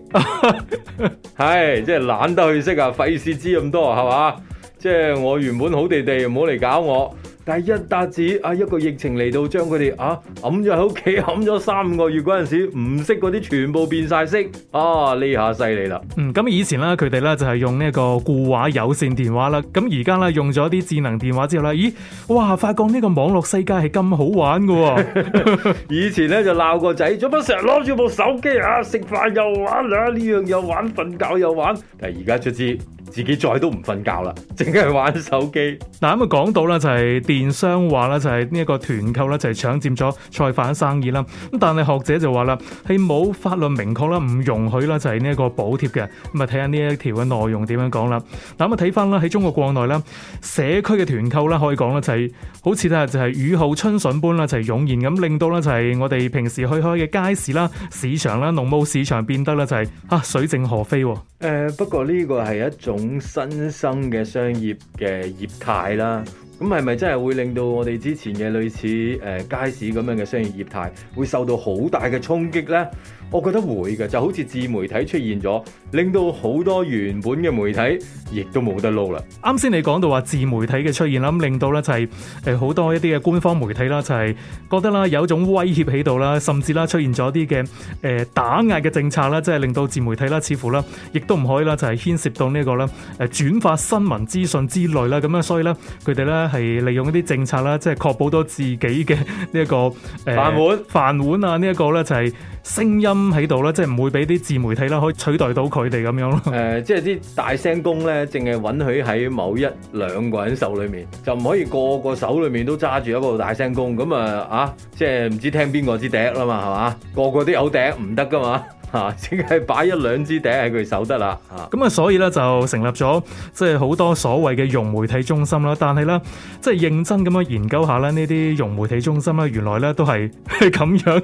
係即係懶得去識啊！睇事知咁多係嘛？即係我原本好地地唔好嚟搞我，但係一搭子啊一個疫情嚟到，將佢哋啊冚咗喺屋企，冚咗三個月嗰陣時，唔識嗰啲全部變晒色。啊呢下犀利啦！嗯，咁、嗯、以前咧佢哋咧就係、是、用呢個固話有線電話啦，咁而家啦用咗啲智能電話之後啦，咦哇！發覺呢個網絡世界係咁好玩噶、啊， [LAUGHS] 以前咧就鬧個仔，做乜成日攞住部手機啊食飯又玩啊呢樣又玩，瞓覺又玩，但係而家出之。自己再都唔瞓覺啦，淨係玩手機。嗱咁啊講到呢就係電商話呢就係呢一個團購呢就係搶佔咗菜販生意啦。咁但係學者就話啦，係冇法律明確啦，唔容許啦，就係呢一個補貼嘅。咁啊睇下呢一條嘅內容點樣講啦。嗱咁啊睇翻啦，喺中國國內咧，社區嘅團購呢可以講咧就係好似咧就係雨後春筍般啦，就係湧現咁，令到咧就係我哋平時去開嘅街市啦、市場啦、農貿市場變得咧就係、是、嚇、啊、水靜河飛。誒、呃、不過呢個係一種。新生嘅商業嘅業態啦。咁係咪真係會令到我哋之前嘅類似街市咁樣嘅商業業態會受到好大嘅衝擊呢？我覺得會嘅，就好似自媒體出現咗，令到好多原本嘅媒體亦都冇得撈啦。啱先你講到話自媒體嘅出現啦，令到咧就係好多一啲嘅官方媒體啦，就係覺得啦有一種威脅喺度啦，甚至啦出現咗啲嘅打壓嘅政策啦，即係令到自媒體啦，似乎啦亦都唔可以啦，就係牽涉到呢個啦轉發新聞資訊之類啦，咁樣所以呢，佢哋呢。係利用一啲政策啦，即係確保到自己嘅呢一個誒飯碗、呃、飯碗啊這呢，呢一個咧就係、是、聲音喺度啦，即係唔會俾啲自媒體啦可以取代到佢哋咁樣咯。誒，即係啲大聲公咧，淨係允許喺某一兩個人手裏面，就唔可以個個手裏面都揸住一部大聲公咁啊！啊，即係唔知聽邊個支笛啦嘛，係嘛？個個都有笛唔得噶嘛。吓、啊，即係擺一兩支頂喺佢手得啦。吓、啊，咁啊，所以咧就成立咗，即係好多所謂嘅融媒體中心啦。但係咧，即係認真咁樣研究下咧，呢啲融媒體中心咧，原來咧都係咁樣，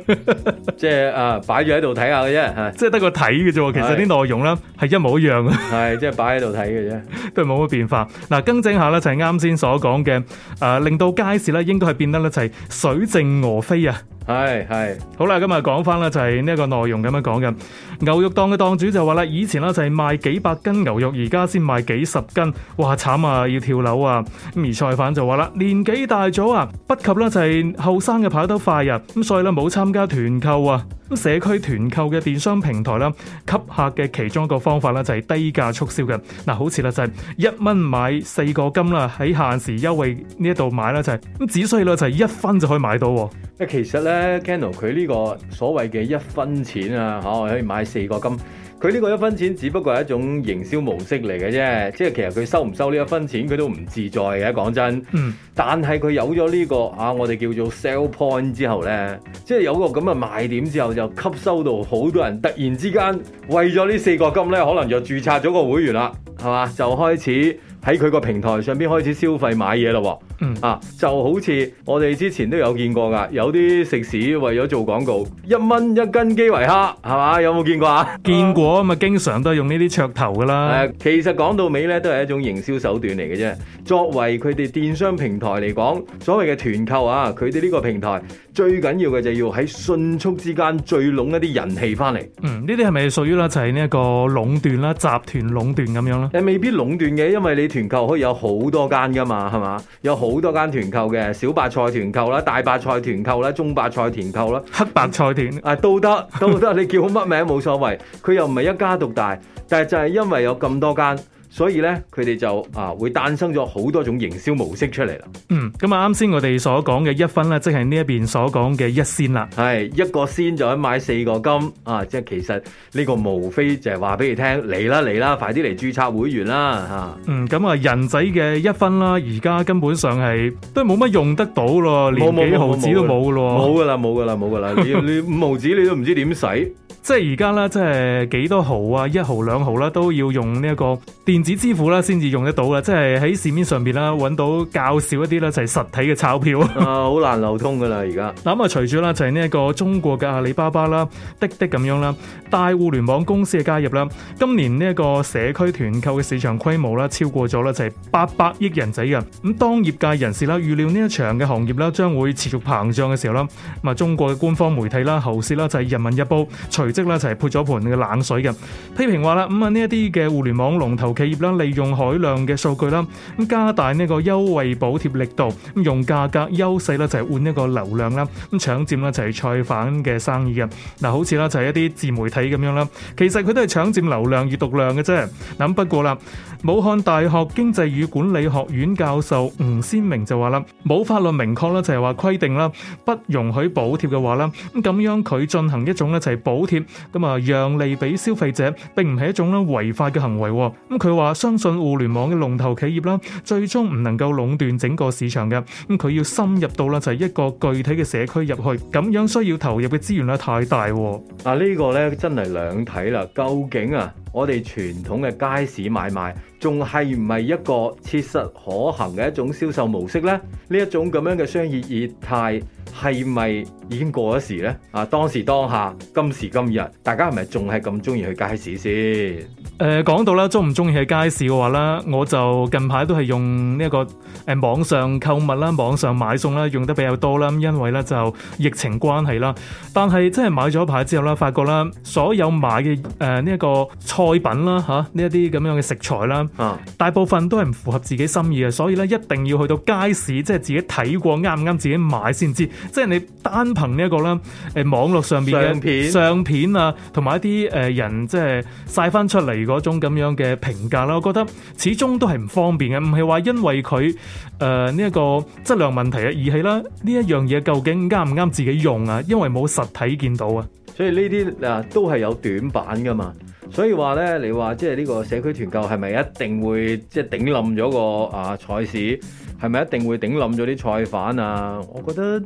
即係啊，擺住喺度睇下嘅啫，即係得個睇嘅啫。其實啲內容咧係一模一樣嘅，係即係擺喺度睇嘅啫，都係冇乜變化。嗱、啊，更正下咧就係啱先所講嘅，誒、啊，令到街市咧應該係變得咧就係水靜鵝飛啊。係係好啦，今日講翻啦，就係呢一個內容咁樣講嘅。牛肉檔嘅檔主就話啦，以前啦就係賣幾百斤牛肉，而家先賣幾十斤，哇慘啊，要跳樓啊！咁而菜販就話啦，年紀大咗啊，不及啦，就係後生嘅跑得快啊，咁所以啦冇參加團購啊。咁社區團購嘅電商平台啦，吸客嘅其中一個方法啦就係低價促銷嘅。嗱，好似啦就係一蚊買四個金啦，喺限時優惠呢一度買啦就係咁，只需要啦就係一分就可以買到。其實呢 c a n a l 佢呢個所謂嘅一分錢啊，吓可以買四個金，佢呢個一分錢只不過係一種營銷模式嚟嘅啫，即係其實佢收唔收呢一分錢佢都唔自在嘅，講真。嗯、但係佢有咗呢、這個啊，我哋叫做 sell point 之後呢，即係有個咁嘅賣點之後，就吸收到好多人，突然之間為咗呢四個金呢，可能就註冊咗個會員啦，係嘛，就開始。喺佢個平台上邊開始消費買嘢咯喎，啊就好似我哋之前都有見過噶，有啲食肆為咗做廣告，一蚊一斤基圍蝦，係嘛？有冇見過啊？見過啊嘛，咪經常都係用呢啲噱頭噶啦、啊。其實講到尾呢，都係一種營銷手段嚟嘅啫。作為佢哋電商平台嚟講，所謂嘅團購啊，佢哋呢個平台。最緊要嘅就係要喺迅速之間聚攏一啲人氣翻嚟。嗯，呢啲係咪屬於啦？就係呢一個壟斷啦，集團壟斷咁樣啦？誒，未必壟斷嘅，因為你團購可以有好多間噶嘛，係嘛？有好多間團購嘅，小白菜團購啦，大白菜團購啦，中白菜團購啦，黑白菜團啊，都得都得，你叫乜名冇所謂，佢又唔係一家獨大，但係就係因為有咁多間。所以咧，佢哋就啊，會誕生咗好多種營銷模式出嚟啦。嗯，咁啊，啱先我哋所講嘅一分呢，即係呢一邊所講嘅一仙啦。係一個仙就可以買四個金，啊，即係其實呢個無非就係話俾你聽，嚟啦嚟啦，快啲嚟注冊會員啦吓，啊。嗯，咁啊，人仔嘅一分啦，而家根本上係都冇乜用得到咯，連幾毫子都冇咯。冇噶啦，冇噶啦，冇噶啦，你你五毫子你都唔知點使。即係而家咧，即係幾多毫啊，一毫兩毫啦，都要用呢一個電子支付啦，先至用得到啦。即係喺市面上邊啦，揾到較少一啲啦，就係實體嘅鈔票。啊，好難流通噶啦而家。咁啊，隨住啦就係呢一個中國嘅阿里巴巴啦、滴滴咁樣啦、大互聯網公司嘅加入啦，今年呢一個社區團購嘅市場規模啦，超過咗啦就係八百億人仔嘅。咁當業界人士啦預料呢一場嘅行業啦將會持續膨脹嘅時候啦，咁啊，中國嘅官方媒體啦，喉舌啦就係、是、人民日報，隨即啦，就係潑咗盆嘅冷水嘅批評話啦，咁啊呢一啲嘅互聯網龍頭企業啦，利用海量嘅數據啦，咁加大呢個優惠補貼力度，咁用價格優勢啦，就係換一個流量啦，咁搶佔啦就係菜販嘅生意嘅嗱，好似啦就係一啲自媒體咁樣啦，其實佢都係搶佔流量閱讀量嘅啫，嗱不過啦，武漢大學經濟與管理學院教授吳先明就話啦，冇法律明確啦，就係話規定啦，不容許補貼嘅話啦，咁樣佢進行一種咧就係補貼。咁啊，讓利俾消費者，並唔係一種咧違法嘅行為。咁佢話相信互聯網嘅龍頭企業啦，最終唔能夠壟斷整個市場嘅。咁佢要深入到咧就係一個具體嘅社區入去，咁樣需要投入嘅資源咧太大。嗱，呢個咧真係兩睇啦，究竟啊，我哋傳統嘅街市買賣。仲係唔係一個切實可行嘅一種銷售模式呢？呢一種咁樣嘅商業業態係咪已經過咗時呢？啊，當時當下，今時今日，大家係咪仲係咁中意去街市先？誒、呃，講到啦，中唔中意去街市嘅話呢，我就近排都係用呢、這、一個誒、呃、網上購物啦，網上買餸啦，用得比較多啦。因為呢就疫情關係啦，但係真係買咗一排之後呢，發覺啦，所有買嘅誒呢一個菜品啦嚇，呢一啲咁樣嘅食材啦。啊！大部分都係唔符合自己心意嘅。所以咧一定要去到街市，即係自己睇過啱唔啱自己買先知。即係你單憑呢一個咧，誒，網絡上邊嘅相片啊，同埋一啲誒、呃、人即係晒翻出嚟嗰種咁樣嘅評價啦，我覺得始終都係唔方便嘅，唔係話因為佢誒呢一個質量問題啊，而係啦呢一樣嘢究竟啱唔啱自己用啊？因為冇實體見到啊，所以呢啲嗱都係有短板噶嘛。所以話咧，你話即係呢個社區團購係咪一定會即係頂冧咗個啊菜市？係咪一定會頂冧咗啲菜販啊？我覺得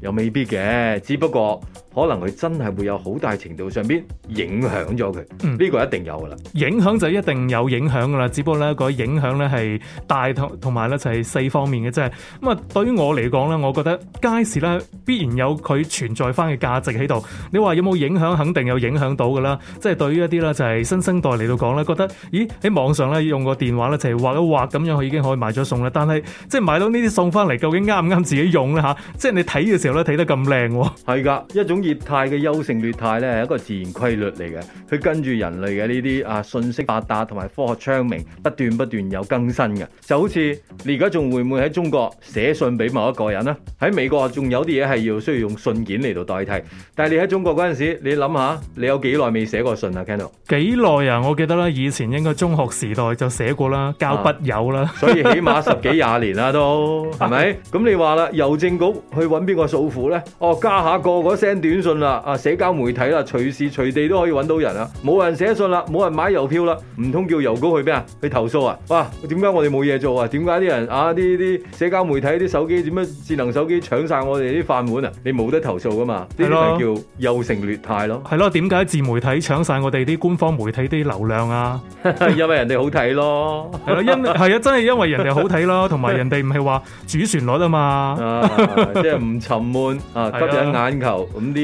又未必嘅，只不過，可能佢真係會有好大程度上邊影響咗佢，呢、嗯這個一定有噶啦。影響就一定有影響噶啦，只不過咧、那個影響咧係大同同埋咧就係、是、四方面嘅啫。咁、就、啊、是，對於我嚟講咧，我覺得街市咧必然有佢存在翻嘅價值喺度。你話有冇影響？肯定有影響到噶啦。即、就、係、是、對於一啲咧就係、是、新生代嚟到講咧，覺得咦喺網上咧用個電話咧就係、是、畫一畫咁樣，佢已經可以買咗餸啦。但係即係買到呢啲餸翻嚟，究竟啱唔啱自己用咧吓、啊，即係你睇嘅時候咧睇得咁靚喎。係噶一種業態嘅優勝劣汰咧係一個自然規律嚟嘅，佢跟住人類嘅呢啲啊信息發達同埋科學昌明，不斷不斷有更新嘅。就好似你而家仲會唔會喺中國寫信俾某一個人呢？喺美國仲有啲嘢係要需要用信件嚟到代替。但係你喺中國嗰陣時，你諗下，你有幾耐未寫過信啊？Candle 幾耐啊？我記得啦，以前應該中學時代就寫過啦，交筆友啦，所以起碼十幾廿年啦都係咪？咁 [LAUGHS] 你話啦，郵政局去揾邊個訴苦呢？哦，家下個個 send 短信啦，啊，社交媒體啦，隨時隨地都可以揾到人啊，冇人寫信啦，冇人買郵票啦，唔通叫郵局去咩啊？去投訴啊？哇，點解我哋冇嘢做啊？點解啲人啊啲啲社交媒體啲手機點樣智能手機搶晒我哋啲飯碗啊？你冇得投訴噶嘛？呢啲係咯，叫優勝劣汰咯，係咯？點解自媒體搶晒我哋啲官方媒體啲流量啊？ [LAUGHS] 因為人哋好睇咯，係 [LAUGHS] 咯？因係啊，真係因為人哋好睇咯，同埋人哋唔係話主旋律啊嘛，即係唔沉悶啊，吸引眼球咁啲。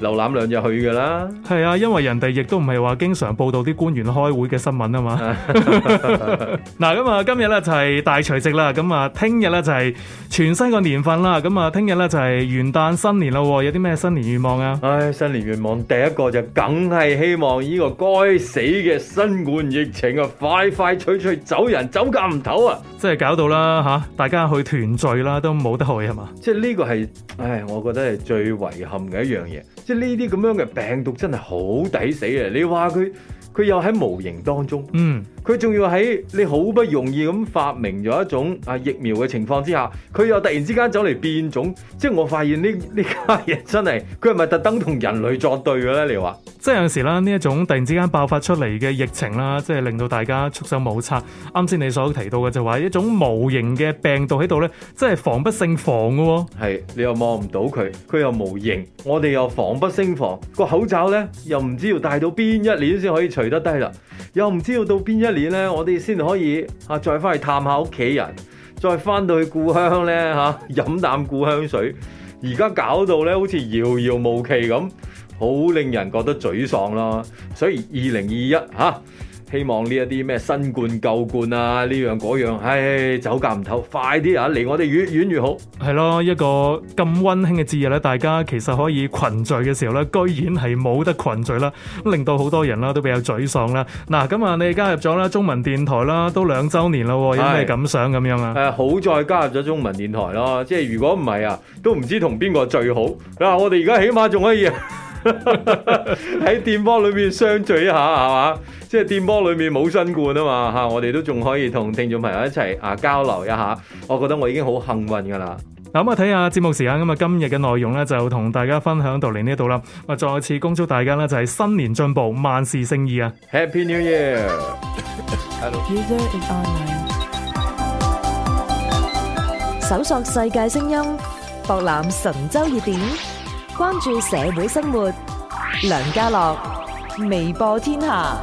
瀏覽兩日去㗎啦，係啊，因為人哋亦都唔係話經常報道啲官員開會嘅新聞啊嘛。嗱，咁啊，今日咧就係、是、大除夕啦，咁啊，聽日咧就係、是、全新個年份啦，咁啊，聽日咧就係、是、元旦新年啦，有啲咩新年願望啊？唉、哎，新年願望第一個就梗係希望呢個該死嘅新冠疫情啊，快快脆脆走人，走夾唔唞啊！即係搞到啦吓、啊，大家去團聚啦，都冇得去啊嘛，即係呢個係唉、哎，我覺得係最遺憾嘅一樣嘢。即係呢啲咁樣嘅病毒真係好抵死呀，你話佢佢又喺無形當中。嗯佢仲要喺你好不容易咁發明咗一種啊疫苗嘅情況之下，佢又突然之間走嚟變種，即係我發現呢呢家嘢，真係佢係咪特登同人類作對嘅咧？你話即係有陣時啦，呢一種突然之間爆發出嚟嘅疫情啦，即係令到大家束手無策。啱先你所提到嘅就話一種無形嘅病毒喺度咧，真係防不勝防嘅。係你又望唔到佢，佢又無形，我哋又防不勝防。個口罩咧又唔知要戴到邊一年先可以除得低啦，又唔知要到邊一年咧，我哋先可以嚇再翻去探下屋企人，再翻到去故鄉咧嚇飲啖故鄉水。而家搞到咧，好似遙遙無期咁，好令人覺得沮喪咯。所以二零二一嚇。希望呢一啲咩新冠舊冠啊，呢樣嗰樣，唉，走隔唔透，快啲啊，離我哋越遠越,越好。係咯，一個咁温馨嘅節日咧，大家其實可以群聚嘅時候咧，居然係冇得群聚啦，令到好多人啦都比較沮喪啦。嗱，咁啊，你加入咗啦中文電台啦，都兩周年啦，有咩感想咁樣啊。誒，好在加入咗中文電台咯，即係如果唔係啊，都唔知同邊個最好。嗱、啊，我哋而家起碼仲可以。 [LAUGHS] 喺 [LAUGHS] 電波裏面相聚一下係嘛？即係電波裏面冇新冠啊嘛吓，我哋都仲可以同聽眾朋友一齊啊交流一下。我覺得我已經很幸運了，好幸運噶啦。咁啊睇下節目時間咁啊，今日嘅內容咧就同大家分享到嚟呢度啦。啊，再次恭祝大家咧就係新年進步，萬事勝意啊！Happy New Year！Hello，user Year is online。搜索世界聲音，博覽神州熱點。關注社會生活，梁家樂，微播天下。